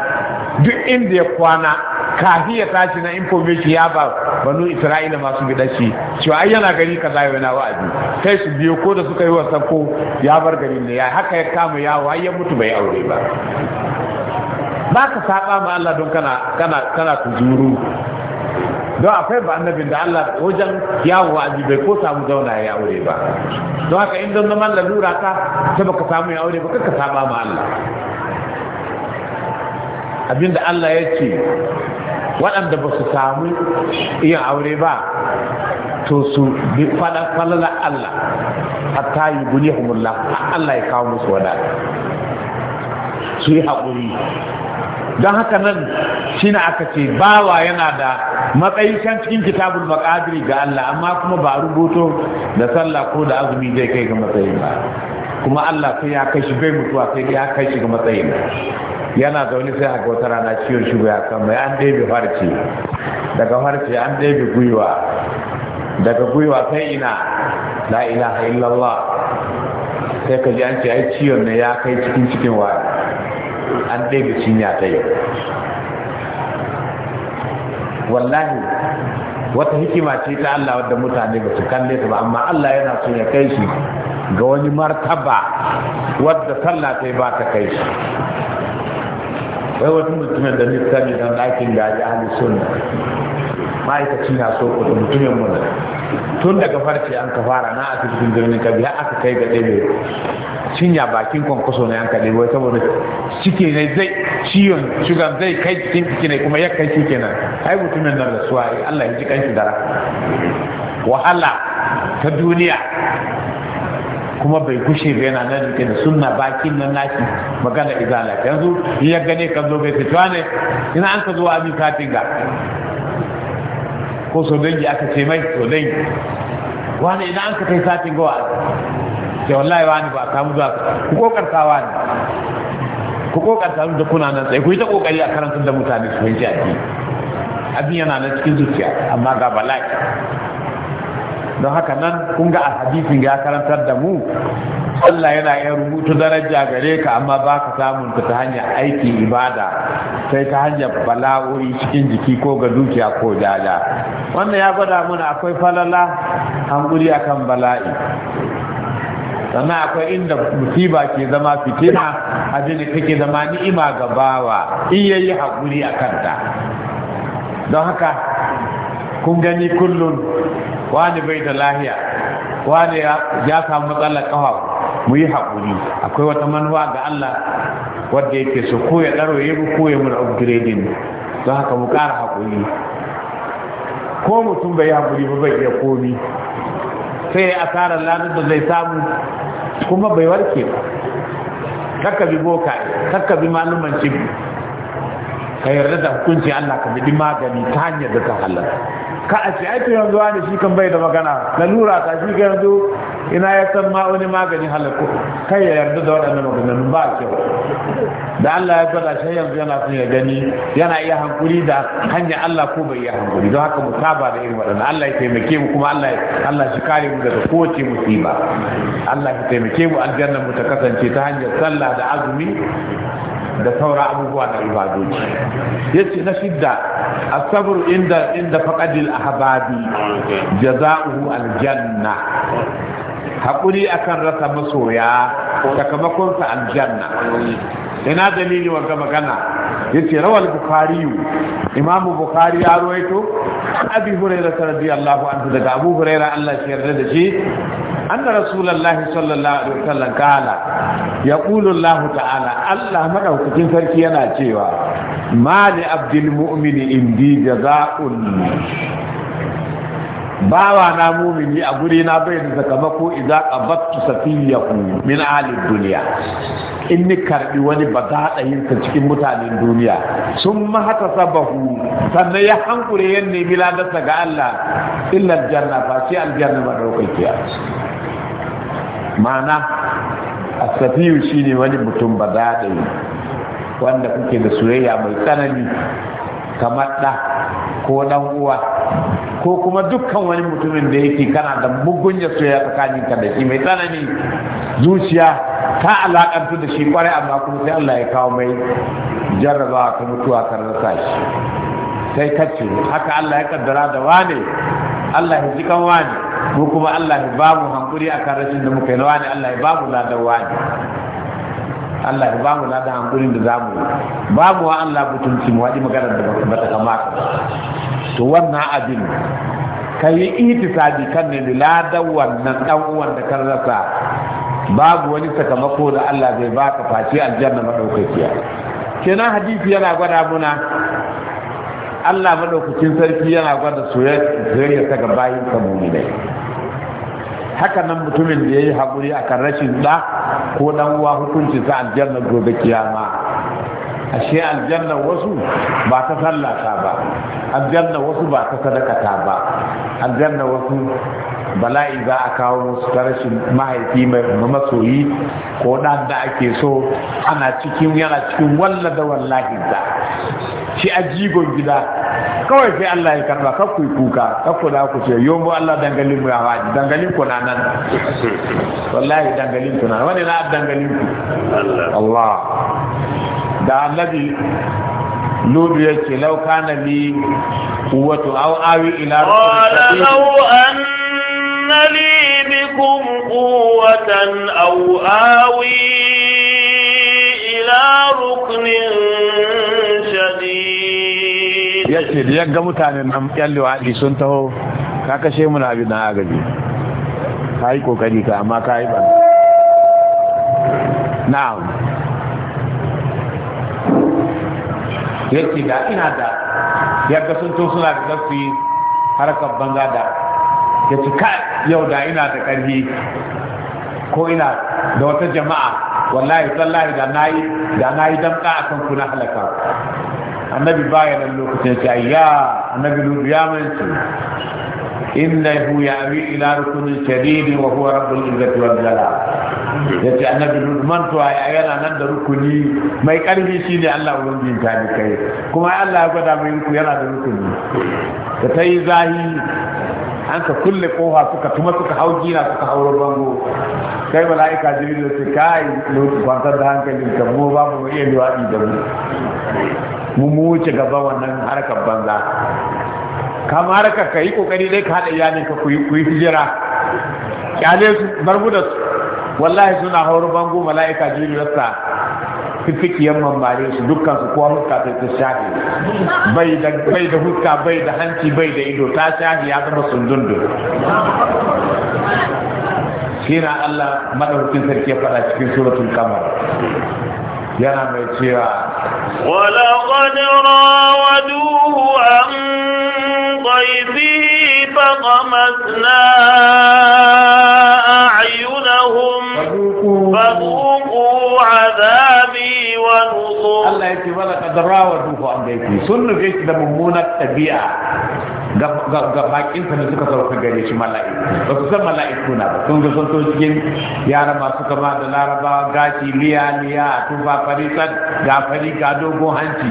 duk inda ya kwana kafiya ya tashi na information ya ba banu isra'ila masu shi, cewa ai yana gari kaza na wa'azi sai su biyo ko da suka yi wa sako ya bar gari ne ya haka ya kama yawo ai ya mutu bai aure ba ba ka saba ma Allah don kana kana kana tuzuru don akwai ba annabin da Allah wajen yawo wa'azi bai ko samu zauna ya aure ba don haka in don zaman lalura ka sai baka samu ya aure ba ka saba ma Allah abinda Allah ya ce waɗanda ba su samu iya aure ba to su bi falala Allah hatta yi guni humullah Allah ya kawo musu wada su yi haƙuri don haka nan shi na aka ce bawa yana da matsayi can cikin kitabun maƙadiri ga Allah amma kuma ba rubuto da sallah ko da azumi zai kai ga matsayin ba kuma Allah sai ya kai shi bai mutuwa sai ya kai shi ga matsayin yana zaune sai a wata rana ciwon shuga ya kan mai an ɗebe farce daga farce an ɗebe gwiwa daga gwiwa sai ina la ilaha illallah sai ka ji an ce ai ciwon ne ya kai cikin cikin wa an ɗebe cinya ta yau wallahi wata hikima ce ta Allah wadda mutane ba su kalle ta ba amma Allah yana so ya kai shi ga wani martaba wadda sallah ta ba ta kai shi wai wasu mutumin da nista ne don ɗakin gari ahli suna. ma'aikaci na so kuɗi mutumin mu tun daga farce an ka fara na asibitin birnin kabi har aka kai ga ɗebe cinya bakin kwankwaso na yanka ɗebe saboda cike ne zai ciyon shugan zai kai cikin ciki ne kuma ya kai shi na ai mutumin nan da suwa Allah ya ji kanki dara wahala ta duniya kuma bai kushe bai na nan da sunna bakin nan naki magana izala yanzu ya gane kan zo bai fitwa ne ina an ka zo a bi katin ga ko so dangi aka ce mai so dangi wani ina an ka kai satin wani ce wallahi wani ba samu zuwa ku kokarta wani ku kokarta da kuna nan tsaye ku yi ta kokari a karantar da mutane su fahimci addini abin yana nan cikin zuciya amma ga bala'i don haka nan kun ga a hadisin ya karantar da mu Allah yana yin rubutu daraja gare ka amma ba ka samun ta hanyar aiki ibada sai ta hanyar bala'o'i cikin jiki ko ga dukiya ko jaja wannan ya gwada mana akwai falala hankuri akan bala'i sannan akwai inda musiba ke zama fitina abin da kake zama ni'ima ga bawa in yayi haƙuri a kanta don haka kun gani kullum wani bai da lahiya wani ya samu matsalar kafa mu yi haƙuri akwai wata manuwa ga Allah wadda yake so ko ya ɗaro ya ko ya mura upgrading don haka mu ƙara haƙuri ko mutum bai haƙuri ba bai iya komi sai ya asara lanar da zai samu kuma bai warke ba kakka bi boka kakka bi cibi ka yarda da hukuncin Allah ka bi magani ta hanyar da ta halarta ka a ce aiki yanzu wani shi kan bai da magana lura ta shi ga yanzu ina ya san ma wani magani halakku kai ya yarda da waɗannan maganganun ba a kyau da Allah ya gwada shi yanzu yana son ya gani yana iya hankuri da hanyar Allah ko bai iya hankuri don haka mu saba da irin waɗannan Allah ya taimake mu kuma Allah shi kare mu daga kowace musiba Allah ya taimake mu aljanna mu ta kasance ta hanyar sallah da azumi da sauran abubuwa na ya ce na shidda asabru inda inda faqadil ahbabi jazaohu aljanna hakuri akan rasa masoya sakamakonsa aljanna ina dalili wa magana yace rawal bukhari imam bukhari ya rawaito abi hurairah radiyallahu anhu daga abu hurairah Allah ya yarda da shi anna rasulullahi sallallahu alaihi wasallam kala yaqulu Allah ta'ala Allah madaukakin sarki yana cewa mali abdul mu'mini indi jaza'un bawa na mumini a guri na bai da sakamako idza qabattu safiyahu min ahli dunya in ni karbi wani badadayin ta cikin mutanen duniya sun mahata sabahu sannan ya hankure yan ne biladarsa ga Allah illa aljanna fa sai aljanna ba daukakiya ma'ana asafiyu shine wani mutum yi. wanda kuke da soyayya mai tsanani kamar da ko dan uwa ko kuma dukkan wani mutumin da yake kana da bugun ya soya tsakanin ka da shi mai tsanani zuciya ta alakantu da shi kwarai amma kuma sai Allah ya kawo mai jarraba ka mutuwa kan rasa shi sai ka ce haka Allah ya kaddara da wane Allah ya ji kan wane ko kuma Allah ya ba mu hankuri akan rashin da muka yi na wane Allah ya ba mu ladan wane Allah ba mu da hankulin da zamu ba mu wa Allah mutunci mu wadi magana da bata kamata to wannan abin kai ihtisabi kan ne la da wannan dan uwan da kan rasa babu wani sakamako da Allah zai baka face aljanna madaukakiya kenan hadisi yana gwada muna Allah madaukakin sarki yana gwada soyayya ta ga bayin sabuni mu'minai haka nan mutumin da ya yi haƙuri a kan rashin ɗa ko ɗan uwa hukunci sa aljanna gobe kiyama ashe aljanna wasu ba ta sallata ba aljanna wasu ba ta sadakata ba aljanna wasu bala'i za a kawo musu ta rashin mahaifi mai masoyi ko ɗan da ake so ana cikin yana cikin walla wallahi da shi a jigon gida kawai sai Allah ya karba kar ku kuka kar ku da ku ce yomo Allah dangalin mu ya haji dangalin ku na nan wallahi dangalin ku na wani na dangalin ku Allah da annabi لوب يكي لو kana li quwwatu aw awi ila قال لو أن لي بكم قوة أو آوي إلى ركن ce da yagga mutanen nan yan liwaɗi sun taho ka kashe mu na na agaji ka yi kokari ka amma ka yi ban na ya da ina da yagga sun to suna da zafi harkar banza da ya ci yau da ina da ƙarfi ko ina da wata jama'a wallahi sallahi da nayi da nayi damka akan ku na halaka annabi baya nan lokacin ce ya annabi lu ya man manci innahu ya'wi ila rukunin shadidi wa huwa rabbul izzati wal jalal yace annabi lu man to ay yana nan da rukuni mai karfi shine Allah ubangijin ta ni kai kuma Allah ya gwada mai rukuni yana da rukuni da yi zahiri. an ka kulle kofa suka tuma suka hau gina suka hauro bango kai mala'ika jibril sai kai lokacin kwantar da hankalin ka mu ba mu iya liwaɗi da mu mu mu wuce gaba wannan harkar banza kama harkar ka yi kokari dai ka haɗa iyalin ka ku yi hijira kyale su bar mu da su wallahi suna hauro bango mala'ika jibril sa fifikiyar mambare su dukkan su kowa muska ta shafi bai da bai bai da hanci bai da ido ta shafi ya zama sundundu kira Allah madaukakin sarki ya fada cikin suratun kamar yana mai cewa ولقد راودوه عن ضيفه فطمسنا أعينهم فذوقوا عذابي ونصر الله يتي ولا قدرا ودوه عن بيتي سنة جيش da mummunar تبيع ga bakin sa suka sauka gare shi mala'iku ba su san mala'iku na ba sun ga sun to cikin yara masu kama da laraba gashi liya liya tufa farisan ga fari ga dogon hanci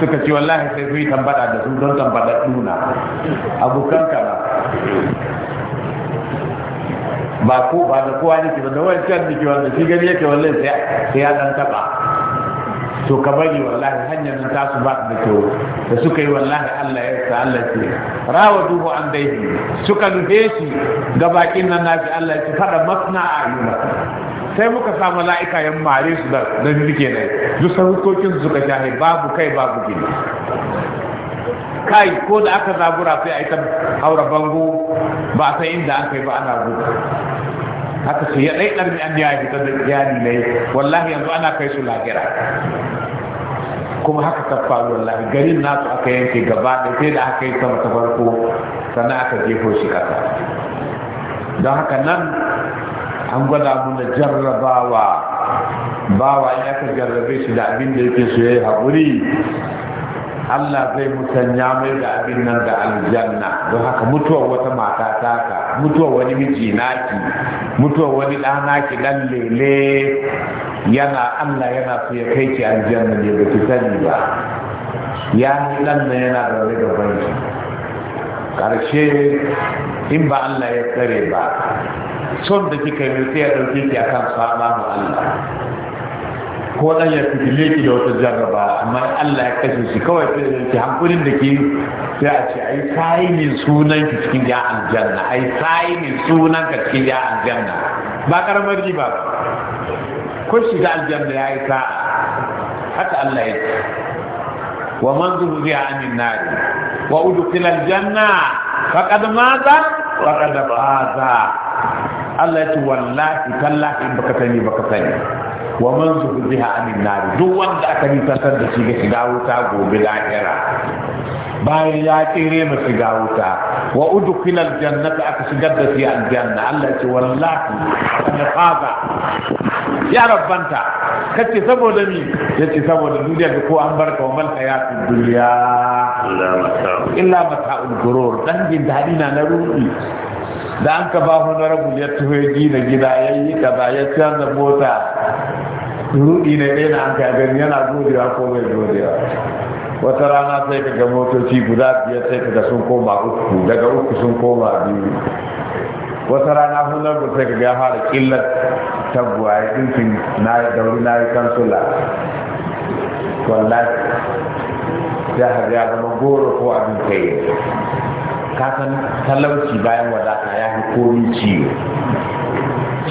suka ce wallahi sai su yi tambada da sun don tambada duna abokan kama ba ko ba da kowa ne ke ba da wancan da ke wanda shi gani yake wallahi sai ya dan taba to ka bari wallahi hanyar nan tasu ba da kyau da suka yi wallahi Allah ya sa Allah ce rawa duhu an dai suka nufe shi ga bakin nan nafi Allah ce fada masna a ayyuna sai muka sa mala'ika yan mare su da da dike ne duk san hukokin su suka shahe babu kai babu gini kai ko da aka zabura sai a yi ta haura bango ba sai inda an kai ba ana zuwa haka sai ya ɗaiɗar ni an ya fitar da iyali ne wallahi yanzu ana kai su lahira kuma haka ta faru wallahi garin nasu aka yanke gaba da sai da aka yi sama ta farko sannan aka jefo shi kasa don haka nan an gwada muna jarrabawa bawa in aka jarrabe shi da abin da yake so yayi haƙuri Allah zai musanya mai da abin nan da aljanna don haka mutuwar wata mata taka mutuwar wani miji naki mutuwar wani ɗa naki ɗan lele yana Allah yana so ya kai ki aljanna ne ba ki sani ba ya nan nan yana zaune da banki karshe in ba Allah ya tsare ba son da kika yi sai ya dauke ki akan fama mu Allah ko dan ya fitile ki da wata jarraba amma Allah ya kashe shi kawai sai ki hankulin da ke sai a ce ai sai min sunan ki cikin ya aljanna ai sai min sunan ka cikin ya aljanna ba karamar riba ba ko shiga aljanna ya yi ta haka Allah ya ce wa man zuhriya anin nar wa udkhila aljanna faqad maza wa qad Allah ya ce wallahi tallahi baka tani baka tani wa man zuhriya anin nar duk wanda aka yi da shi ga shiga wuta gobe lahira bayan ya tsere mu shiga wuta wa udkhila aljannata aka shigar da shi aljanna Allah ya ce wallahi ya faza ya rabbanta kace saboda ni yace saboda duniya da ko an barka wa man hayatu dunya illa mata'ul gurur dan jin dadi na na ruɗi da an ka ba rabu ya tuho gina gida yayi ba ya canza mota ruɗi ne ne an ka gani yana godewa ko bai godewa wata rana sai ka ga motoci guda biyar sai ka ga sun koma uku daga uku sun koma biyu wata rana hular da sai ka ga fara killar tabbuwa ya dinkin na dauri na yi kansula wallahi ya har ya zama goro ko abin kai ka san talauci bayan wadata ya fi komi ciwo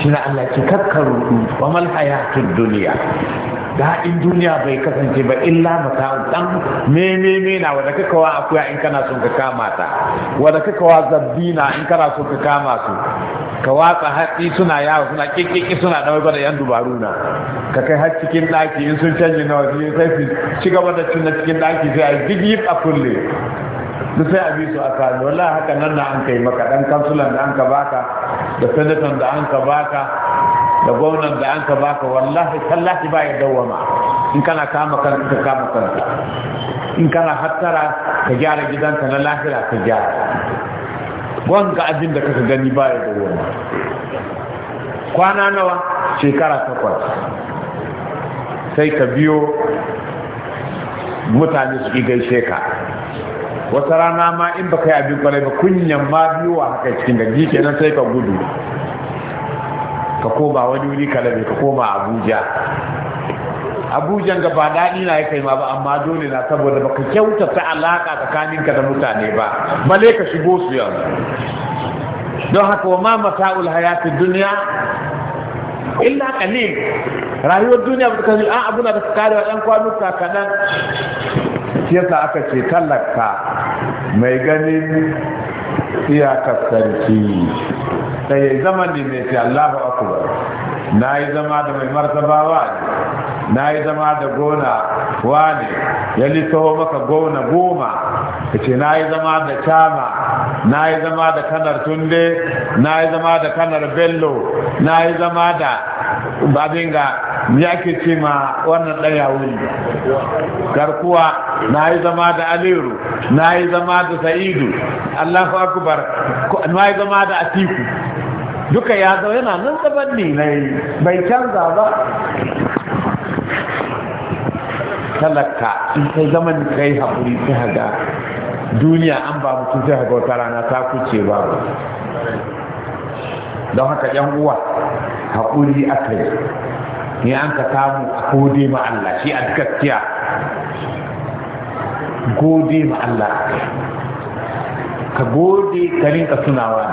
shi na Allah kakkar rudu mal hayatud duniya daɗin duniya bai kasance ba illa mata dan me me me na wanda kaka wa akuya in kana son ka kama ta wanda kaka wa zabbina in kana son ka kama su ka watsa hatsi suna yawo suna kikiki suna dawo gwada yan dubaru na ka kai har cikin ɗaki in sun canji na waje sai su ci gaba da cin cikin ɗaki sai a jigi a kulle da sai a bi su a kano wallahi haka nan na an kai maka dan kansulan da an ka baka da sanatan da an ka baka da gwamnan da an ka baka wallahi tallafi ba ya dawama in kana kama kanka ka kama kanka in kana hattara ka gyara gidanka na lahira ka gyara wanga abin da kaka gani ba ya dawama kwana nawa shekara takwas sai ka biyo mutane su gaishe ka wata rana ma in baka yi abin kwarai ba kunyan ma biyo a haka cikin gaji kenan sai ka gudu ka koma wani wuri kalabe ka koma abuja abujan ga ba daɗi na ya kai ma ba amma dole na saboda ba ka kyautata alaƙa tsakaninka da mutane ba male ka shigo su yanzu don haka wa ma mata'ul hayati duniya illa qalil rayuwar duniya ba ta a abuna da kare wa ɗan kwanuka kaɗan shi yasa aka ce tallaka mai ganin iyakar sarki sai ya zama ne mai ce Allahu akbar na yi zama da mai martaba ne na yi zama da gona wani ya littaho maka gona goma ka ce na yi zama da cama na yi zama da kanar tunde na yi zama da kanar bello na yi zama da babin ga ya ke ce ma wannan ɗaya wuri garkuwa na yi zama da aliru na yi zama da sa'idu allahu akubar, na yi zama da atiku duka ya zo yana nan daban ne bai canza ba talaka in kai zaman kai haƙuri ta haga duniya an ba mutum ta haga wata rana ta kuce ba don haka yan uwa haƙuri a kai ne an ka samu a kode ma Allah shi a gaskiya gode ma Allah ka gode ka rinka tunawa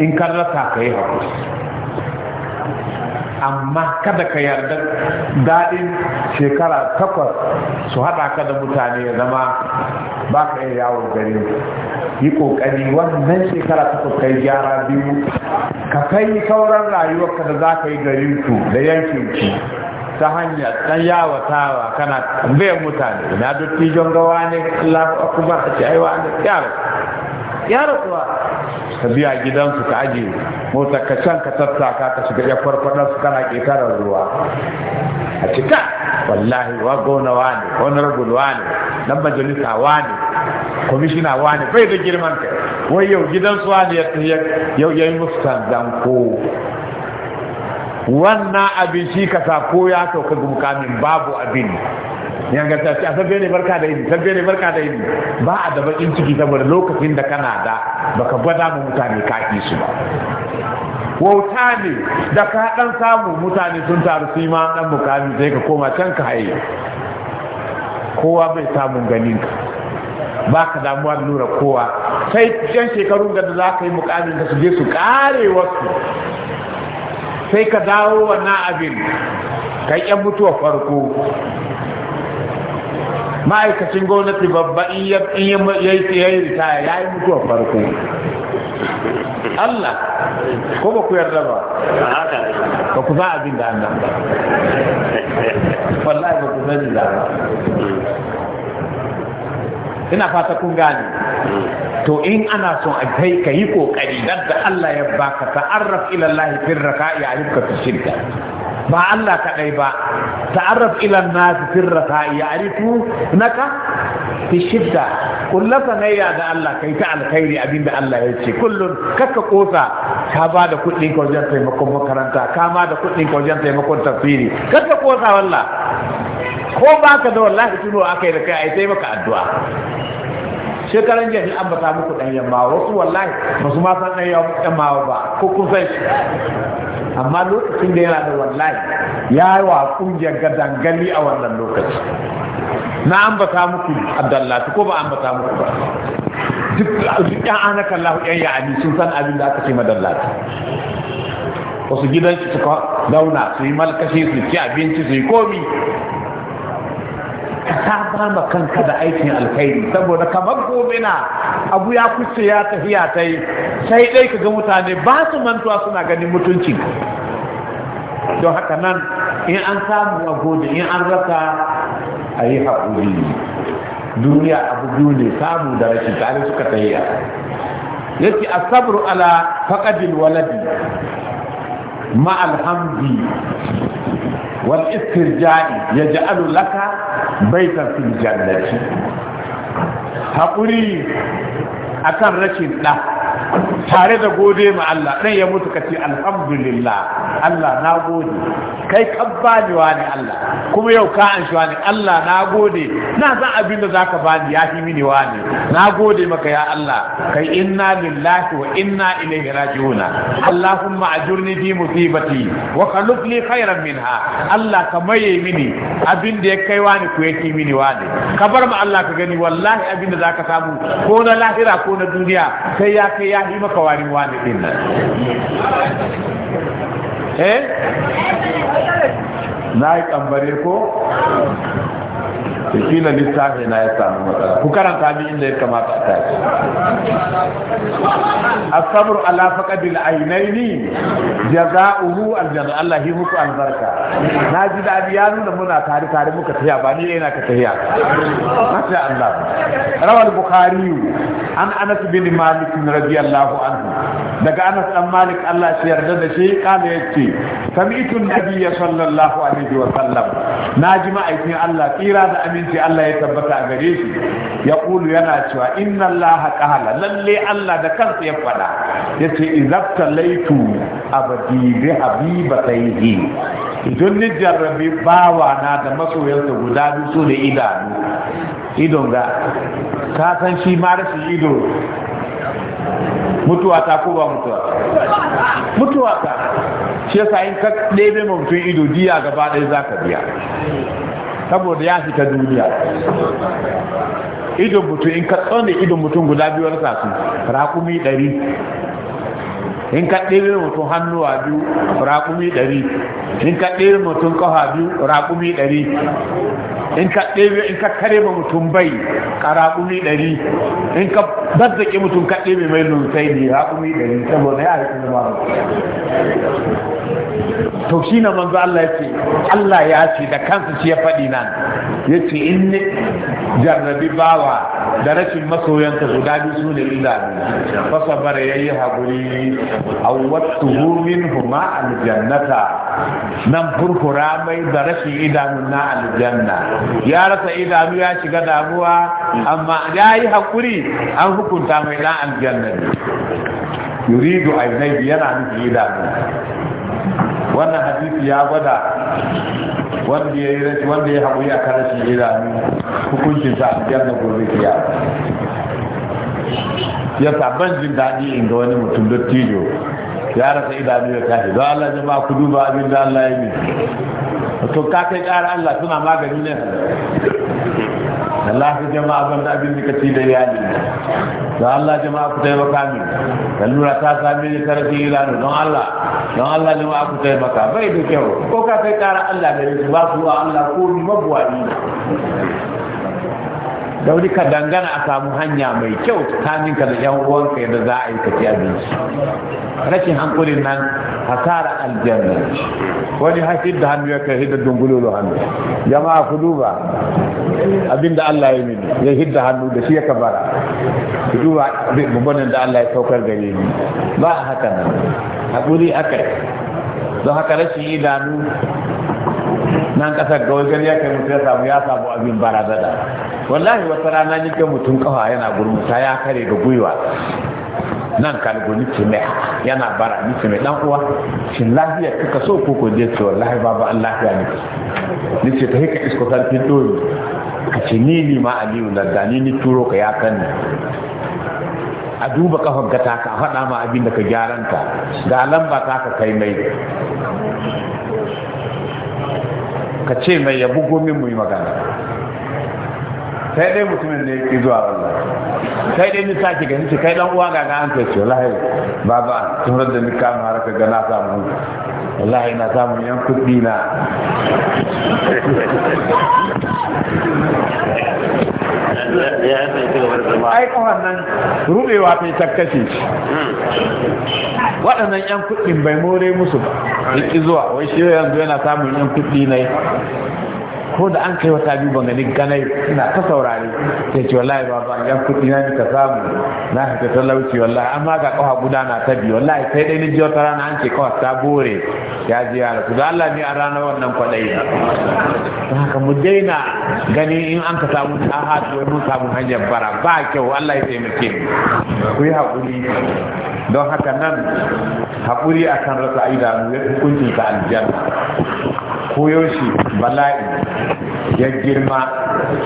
in ka rasa ka yi haƙuri amma kada ka yarda daɗin shekara takwas su haɗa ka da mutane ya zama ba ka yi yawon gari yi ƙoƙari wannan shekara takwas ka gyara biyu ka kai sauran rayuwarka da za ka yi garinku da ki ta hanyar ɗan yawatawa kana tambayar mutane na dottijon gawa ne lafi akubar a ce aiwa ne ya rasuwa ka biya gidansu ka aje mota ka can ka tattaka ka shiga ya farfadar su kana tara ruwa a cika wallahi wa gona wani honorable wani nan majalisa wani kwamishina wani bai da girman kai wai yau gidansu wani ya yi musu ko wannan abin shi ka sa ko ya sauka gumkamin babu abin ya ga ta a ne barka da idi sabbe ne barka da idi ba a da bakin ciki saboda lokacin da kana da baka gwada mu mutane ka ki su ba wauta ne da ka dan samu mutane sun taru su ma dan mukami sai ka koma can ka haye kowa bai samun ganin ka ba ka damuwa da nura kowa sai yan shekarun da za ka yi mukamin ka su je su kare wasu sai ka dawo wannan abin kai yan mutuwa farko ma'aikacin gwamnati babba in ya yi ritaya ya yi mutuwa farko Allah ko ba ku yarda ba ba ku za abin da annan ba wallahi ba ku sani da ba ina fata kun gane to in ana son a kai ka yi kokari dadda Allah ya baka ta'arraf ila Allah fi raka'i a yubka fi shirka ba Allah kaɗai ba ta'arraf ilan nasu sirrata ya'rifu naka fi shidda kullu sanayya da Allah kai ta alkhairi abinda Allah ya ce kullun kakka kosa ka ba da kuɗin ka wajen taimakon makaranta ka ma da kuɗin ka wajen taimakon tafsiri kakka kosa wallah ko ba ka da wallahi tuno akai da kai ai sai maka addu'a shekaran jiya an ta muku dan yamma wasu wallahi ba su ma san dan yamma ba ko kun sai amma lokacin da yana da wallahi ya yi wa kungiyar ga dangali a wannan lokaci na ambata muku abdallatu ko ba ambata muku ba duk ana kalla lahu yan ya'ani sun san abin da aka ce madallatu wasu gidan su suka dauna su yi malkashi su ci abinci su yi komi ka ba kanka da aikin alkhairi saboda kamar gobe na abu ya kuce ya tafiya ta yi sai dai ka ga mutane ba su mantuwa suna ganin mutunci don haka nan in an samu a gode in an rasa a yi haƙuri duniya abu biyu ne samu da rashi tare suka tahiya yake asabru ala faƙadin waladi ma alhamdi wal istirja'i yaj'alu laka baitan fil jannati haƙuri akan rashin ɗa tare da gode ma Allah ɗan ya mutu kace alhamdulillah Allah na gode kai ka bani wani Allah kuma yau ka an shi wani Allah na gode na san abin da zaka bani ya fi mini wani na gode maka ya Allah kai inna lillahi wa inna ilaihi raji'un Allahumma ajurni bi musibati wa khalif li khairan minha Allah ka maye mini abin da ya kai wani ku yake mini wani ka bar mu Allah ka gani wallahi abin da zaka samu ko na lahira ko na duniya sai ya kai ya yi maka wani wani din nan है नायक अंबरे को to kila lissafi na ya samu matsala ku karanta min inda ya kamata a tashi asabru ala faqadil ainaini jazaohu aljanna Allah yi muku albarka na ji dadi ya nuna muna tare tare muka tafiya ba ni ina ka tafiya masha Allah rawal bukhari an anas bin malik radiyallahu anhu daga anas dan malik Allah ya yarda da shi kana yace sami'tu nabiyya sallallahu alaihi wa sallam naji ma'aikin Allah tsira da amin aminci Allah ya tabbata a gare shi ya kulu yana cewa inna Allah qahala lalle Allah da kansa ya fada yace izabta laitu abadi bi habibataihi idan ni jarrabi bawa na da masoyansa guda biyu so da idanu idon ga ka san shi ma rashin ido mutuwa ta ko ba mutuwa mutuwa ta shi yasa in ka ɗebe mutum ido diya gaba ɗaya za ka biya saboda ya fita duniya idon mutum in ka tsone idon mutum guda biyar sa su raƙumi ɗari in ka ɗebe mutum hannuwa biyu raƙumi ɗari in ka ɗebe mutum ƙafa biyu raƙumi ɗari in ka ɗebe in ka kare ma mutum bai ka raƙumi ɗari in ka zazzaƙi mutum ka ɗebe mai lumsai ne raƙumi ɗari saboda ya rikin zama to shi na manzo Allah ya ce Allah ya ce da kansa shi ya faɗi nan ya ce in ne jarrabi bawa da rashin masoyanta guda biyu su ne illa fasa bar ya yi haƙuri a wattu min huma aljannata nan furfura mai da rashin idanu na aljanna ya rasa idanu ya shiga damuwa amma ya yi haƙuri an hukunta mai na aljanna ne yuridu ainihi yana nufi idanu wannan hadisi ya gwada wanda ya yi wanda ya haƙuri a kan rashin idanu hukuncin sa aljanna gobe kiya ya saban jin daɗi in ga wani mutum dattijo ya rasa idanu ya tashi don Allah ma ku duba abin da Allah ya yi to ka kai ƙara Allah suna magani ne Allah ka jama'a ban da abin da ka ci da iyali don Allah jama'a ku taimaka min lura ta same ni karfi ilanu don Allah don Allah jama'a ku taimaka bai da kyau ko ka kai kara Allah da ba ku wa Allah ko ni mabuwa ne da wani ka dangana a samu hanya mai kyau tsakanin ka da yan uwanka yadda za a yi tafiya da abinci rashin hankulin nan hasara aljanna wani hafid da hannu ya kai hidda dungulolo hannu jama'a ku duba abinda Allah ya mini ya hidda hannu da shi ya kabara ku duba babbanin da Allah ya saukar gare ni ba haka nan haƙuri aka don haka rashin idanu nan kasar ga wajen ya kai mutu ya samu ya samu abin barazana wallahi wata rana ni ga mutum kafa yana gurmuta ya kare da gwiwa nan kalgo ni ce mai yana bara ni ce mai dan uwa shin lafiya kika so ko ko je ce wallahi babu an lafiya ni ni ce ta hika isko sarfin do a ce ni ni ma aliyu da ni ni turo ka ya kan a duba kafan ka ta ka faɗa ma abin da ka gyaran ga lamba ta ka kai mai ka ce mai yabu gomin mu yi magana sai dai mutumin ne ya zuwa wallahi sai dai ni sake gani ce kai dan uwa ga na an ta ce wallahi baba tun da ni kama haraka ga na samu wallahi na samu yan kuɗi na ai kawar nan rubewa ta waɗannan yan kuɗin bai more musu ba duk zuwa wai shi yanzu yana samun yan kuɗi na ko da an kai wata biyu ban gani ganai ina ta saurare sai ce wallahi ba ban yan kuɗi na ka samu na fita talauci wallahi amma ga kafa guda na ta biyu wallahi sai dai ni ji wata rana an ce kawa ta bore ya ji ya rasu da Allah ne a ranar wannan kwaɗayi haka mu daina gani in an ka samu ta hatu mun samu hanyar bara ba kyau Allah ya taimake mu ku yi haƙuri don haka nan haƙuri akan rasa idanu ya hukuncin ta aljanna koyo shi bala'i ya girma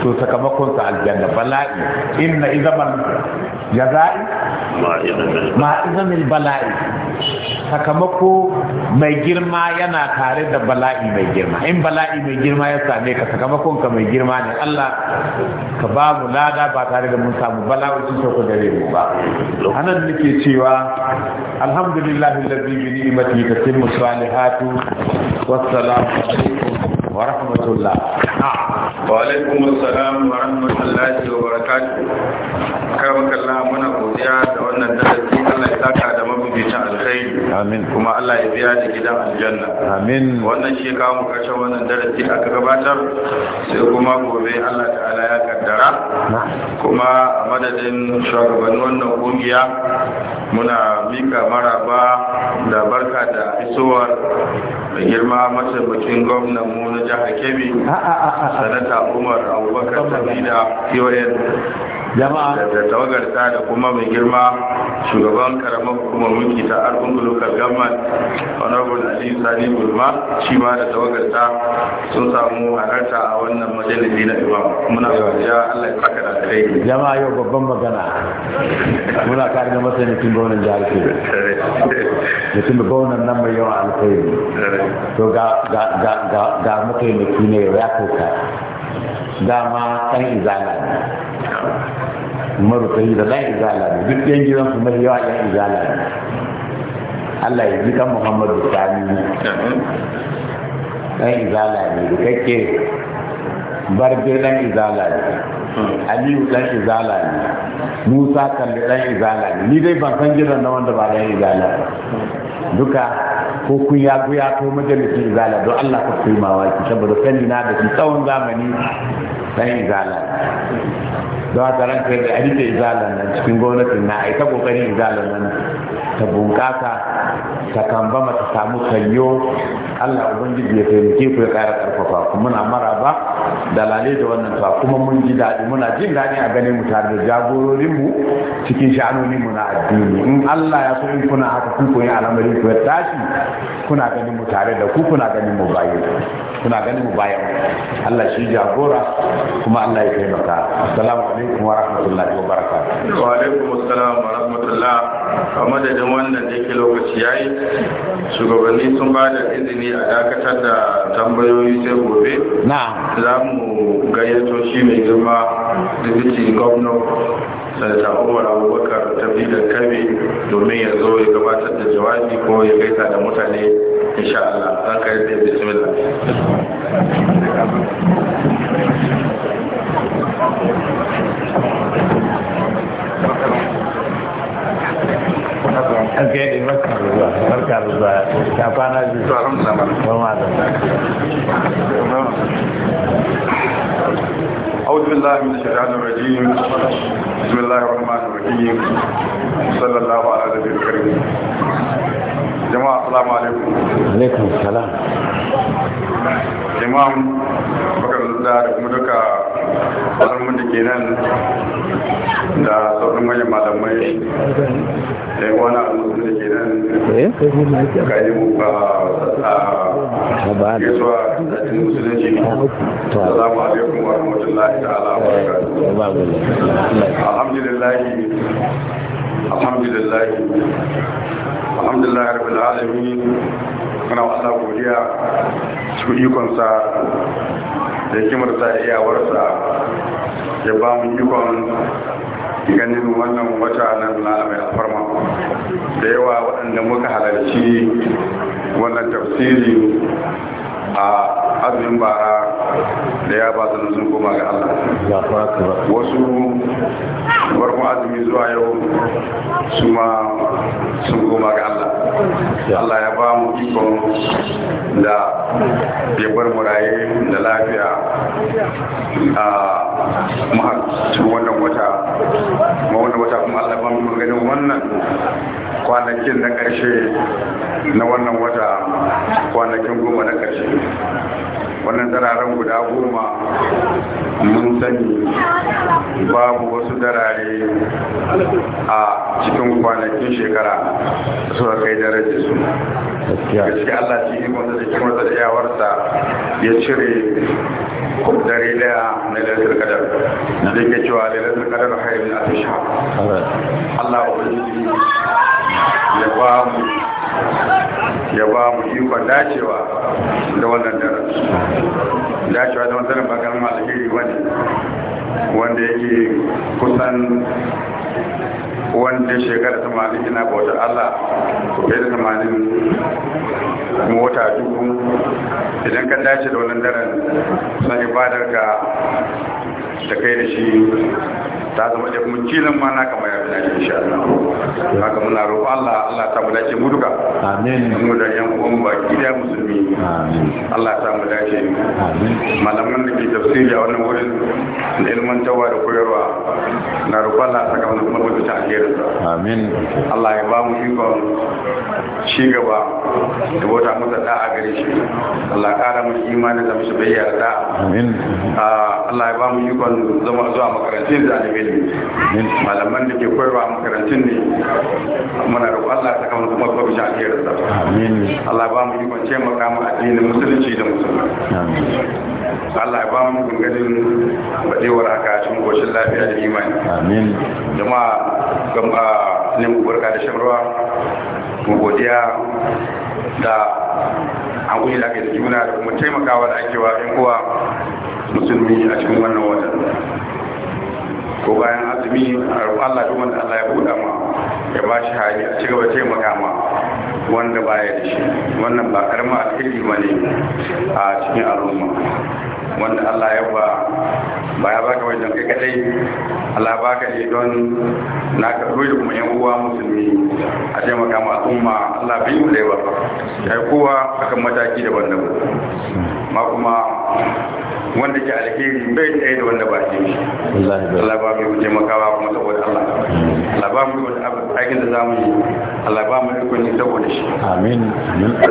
to sakamakon sa aljanna bala'i inna izaman jaza'i ma izamil bala'i sakamako mai girma yana tare da bala'i mai girma in bala'i mai girma ya same ka sakamakon ka mai girma ne Allah ka ba mu lada ba tare da mun samu sun sauka da mu ba anan nake cewa alhamdulillah alladhi bi ni'matihi tatimmu salihatu wassalamu alaikum wa rahmatullah wa alaikum assalam wa rahmatullahi wa barakatuh Allah ya biya da gidan aljanna amin wannan shi kawo mu karshen wannan darasi aka gabatar sai kuma gobe Allah ta'ala ya kaddara kuma a madadin shugabannin wannan kungiya muna mika maraba da barka da isowar da girma mataimakin gwamnan mu na jihar Kebbi sanata Umar Abubakar Tabida PON jama'a da tawagarta da kuma mai girma shugaban karamar hukumar mulki ta argun local government honorable ali sani gulma shi ma da tawagarta sun samu halarta a wannan majalisi na imam muna godiya Allah ya saka da kai jama'a yau babban magana muna kare da masani tun gwamnan jihar ke da tun gwamnan nan mai yawan alkhairi eh. to ga ga mataimaki ne ya kai dama kan izala ne umaru yi da ɗan izala ne duk ɗan gidan su mai yawa yan izala ne Allah ya ji kan Muhammadu Sani ɗan izala ne da kake barbe dan izala ne aliyu dan izala ne musa kalli dan izala ne ni dai ban san gidan na wanda ba dan izala ba duka ko kun ya guya ko majalisin izala don allah ka kuyi mawaki saboda sani na da shi tsawon zamani dan izala don haka ran kai da alike izala nan cikin gwamnatin na aika kokarin izala nan ta bunƙasa ta kambama ta samu kanyo Allah ubangiji ya taimake ku ya ƙara ƙarfafa ku muna ba? dalale da wannan ta kuma mun ji daɗi muna jin daɗi a ganin mu tare da jagororin mu cikin sha'anonin mu na addini in Allah ya so in kuna haka ku koyi al'amari ku ya tashi kuna ganin mu tare da ku kuna ganin mu bayan kuna ganin mu bayan Allah shi jagora kuma Allah ya taimaka assalamu alaikum wa rahmatullahi wa barakatuh wa alaikum assalam wa rahmatullahi a madadin wannan da yake lokaci ya yi shugabanni sun ba da izini a dakatar da tambayoyi sai gobe za mu gayyato shi mai girma dubiti gwamna sanata umar abubakar ta fi da kabe domin ya zo ya gabatar da jawabi ko ya gaisa da mutane insha Allah zan kai da bismillah Thank kai ne barka da zuwa barka da zuwa ta أعوذ بالله من الشيطان الرجيم بسم الله الرحمن الرحيم صلى الله على نبي الكريم جماعة السلام عليكم عليكم السلام جماعة بكر الله لكم malamin da ke nan da sauran manyan malamai da yi wani al'ummar da ke nan eh, ka yi ah, ah, ba a gaisuwa da musulunci da ah, zamu alaikum wa rahmatullahi ta'ala wa barakatuhu eh, alhamdulillah alhamdulillahi alamin kana wasa godiya su ikonsa da hikimarsa a iyawarsa ya ba mu ikon ganin wannan wata nan na mai alfarma da yawa waɗanda muka halarci wannan tafsiri a azumin bara da ya ba su sun koma ga Allah wasu farkon azumi zuwa yau su ma sun koma ga Allah Allah ya ba mu ikon da ya bar da lafiya a mahaifin wannan wata ma wannan wata kuma Allah ba mu ganin wannan kwanakin na ƙarshe na wannan wata kwanakin goma na ƙarshe wannan dararen guda goma mun sani babu wasu darare a cikin kwanakin shekara suka kai daraje su gaske allah ci ikon da kimarsa da yawarsa ya cire dare daya na lalatar kadar da ke cewa lalatar kadar hayarin a tasha allah ya ba mu ya ba mu ikon dacewa da wannan daren dacewa da wannan daren bakar alheri wani wanda yake kusan wanda shekara tamanin ina bautar Allah fiye da tamanin mota dubu idan ka dace da wannan daren na ibadar ka da kai da shi ta zama da kuma cilin ma na kama ya na dace insha Allah haka muna roƙo Allah Allah ta mu dace mu duka amin mu da yan uwan baki da musulmi Allah ta mu dace malaman da ke tafsiri a wannan wurin da tawa da koyarwa na roƙon Allah saka mana kuma mutunta alherin amin Allah ya ba mu ikon ci gaba da wata da a gare shi Allah ƙara mu imanin da musu bayyana da amin ah, Allah ya ba mu ikon zama zuwa makarantun da ne amin malaman da ke koyarwa a makarantun ne muna roƙon Allah saka mana kuma mutunta alherin amin Allah ya ba mu ikon ce makamu addinin musulunci da musulmi amin Allah ya ba mu ikon ganin badewar haka cikin koshin lafiya da imani amin jama'a gamba ne mu barka da shan ruwa mu godiya da an kuyi da yi juna da kuma taimakawa da ake wa yan uwa musulmi a cikin wannan watan ko bayan azumi a roƙon Allah duk wanda Allah ya buɗa ma ya ba shi hali a cigaba taimaka ma wanda baya da shi wannan ba karama alheri ba ne a cikin al'umma wanda Allah ya ba ba ya baka wajen kai kadai Allah baka ne don na ka da kuma yan uwa musulmi a taimaka ma al'umma Allah bai mu ba ya kowa akan mataki daban-daban ma kuma wanda ke alheri bai tsaye da wanda ba shi Allah ba mu taimakawa kuma saboda Allah Allah ba mu da matakin da za mu yi Allah ba mu ikon yi saboda shi amin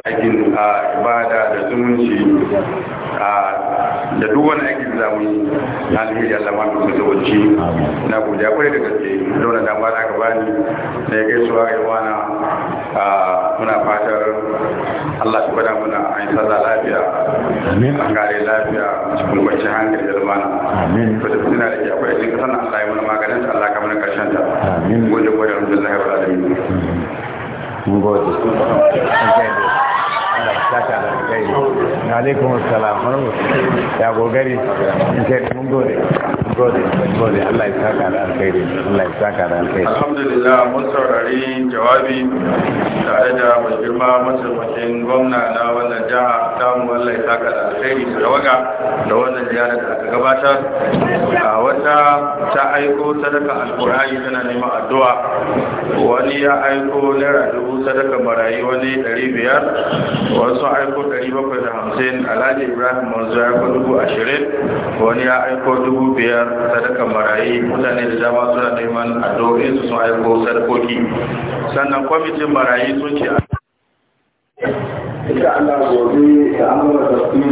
aikin a ibada da zumunci a da duk wani aikin da za mu yi na alheri Allah ma mu saboda shi na ya kwarai da gaske dole da ba da aka bani Na ya gaisuwa ga na a muna fatar Allah su gwada muna a yi sallah lafiya an gare lafiya cikin kwanci hankali da na. amin da fitina da ke akwai cikin kasan Allah ya mana maganin Allah ka mana karshen ta gode gode alhamdulillah ya bada yi mun gode Allah ya saka da kai alaikum assalam ya gogari nke mun gode gode gode Allah ya saka da alkhairi Allah ya saka da alkhairi alhamdulillah mun saurari jawabi tare da mai girma mataimakin gwamna na wannan jiha ta mu Allah ya saka da alkhairi da waka da wannan ziyara da aka gabatar a wata ta aiko sadaka alqur'ani tana neman addu'a wani ya aiko naira dubu sadaka marayu wani 500 wasu aiko 750 hamsin alhaji ibrahim manzo ya ko dubu ashirin wani ya aiko dubu biyar sadakan marayi mutane da dama suna neman addu'o'in su sun aiko sadakoki sannan kwamitin marayi sun ce da Allah gobe da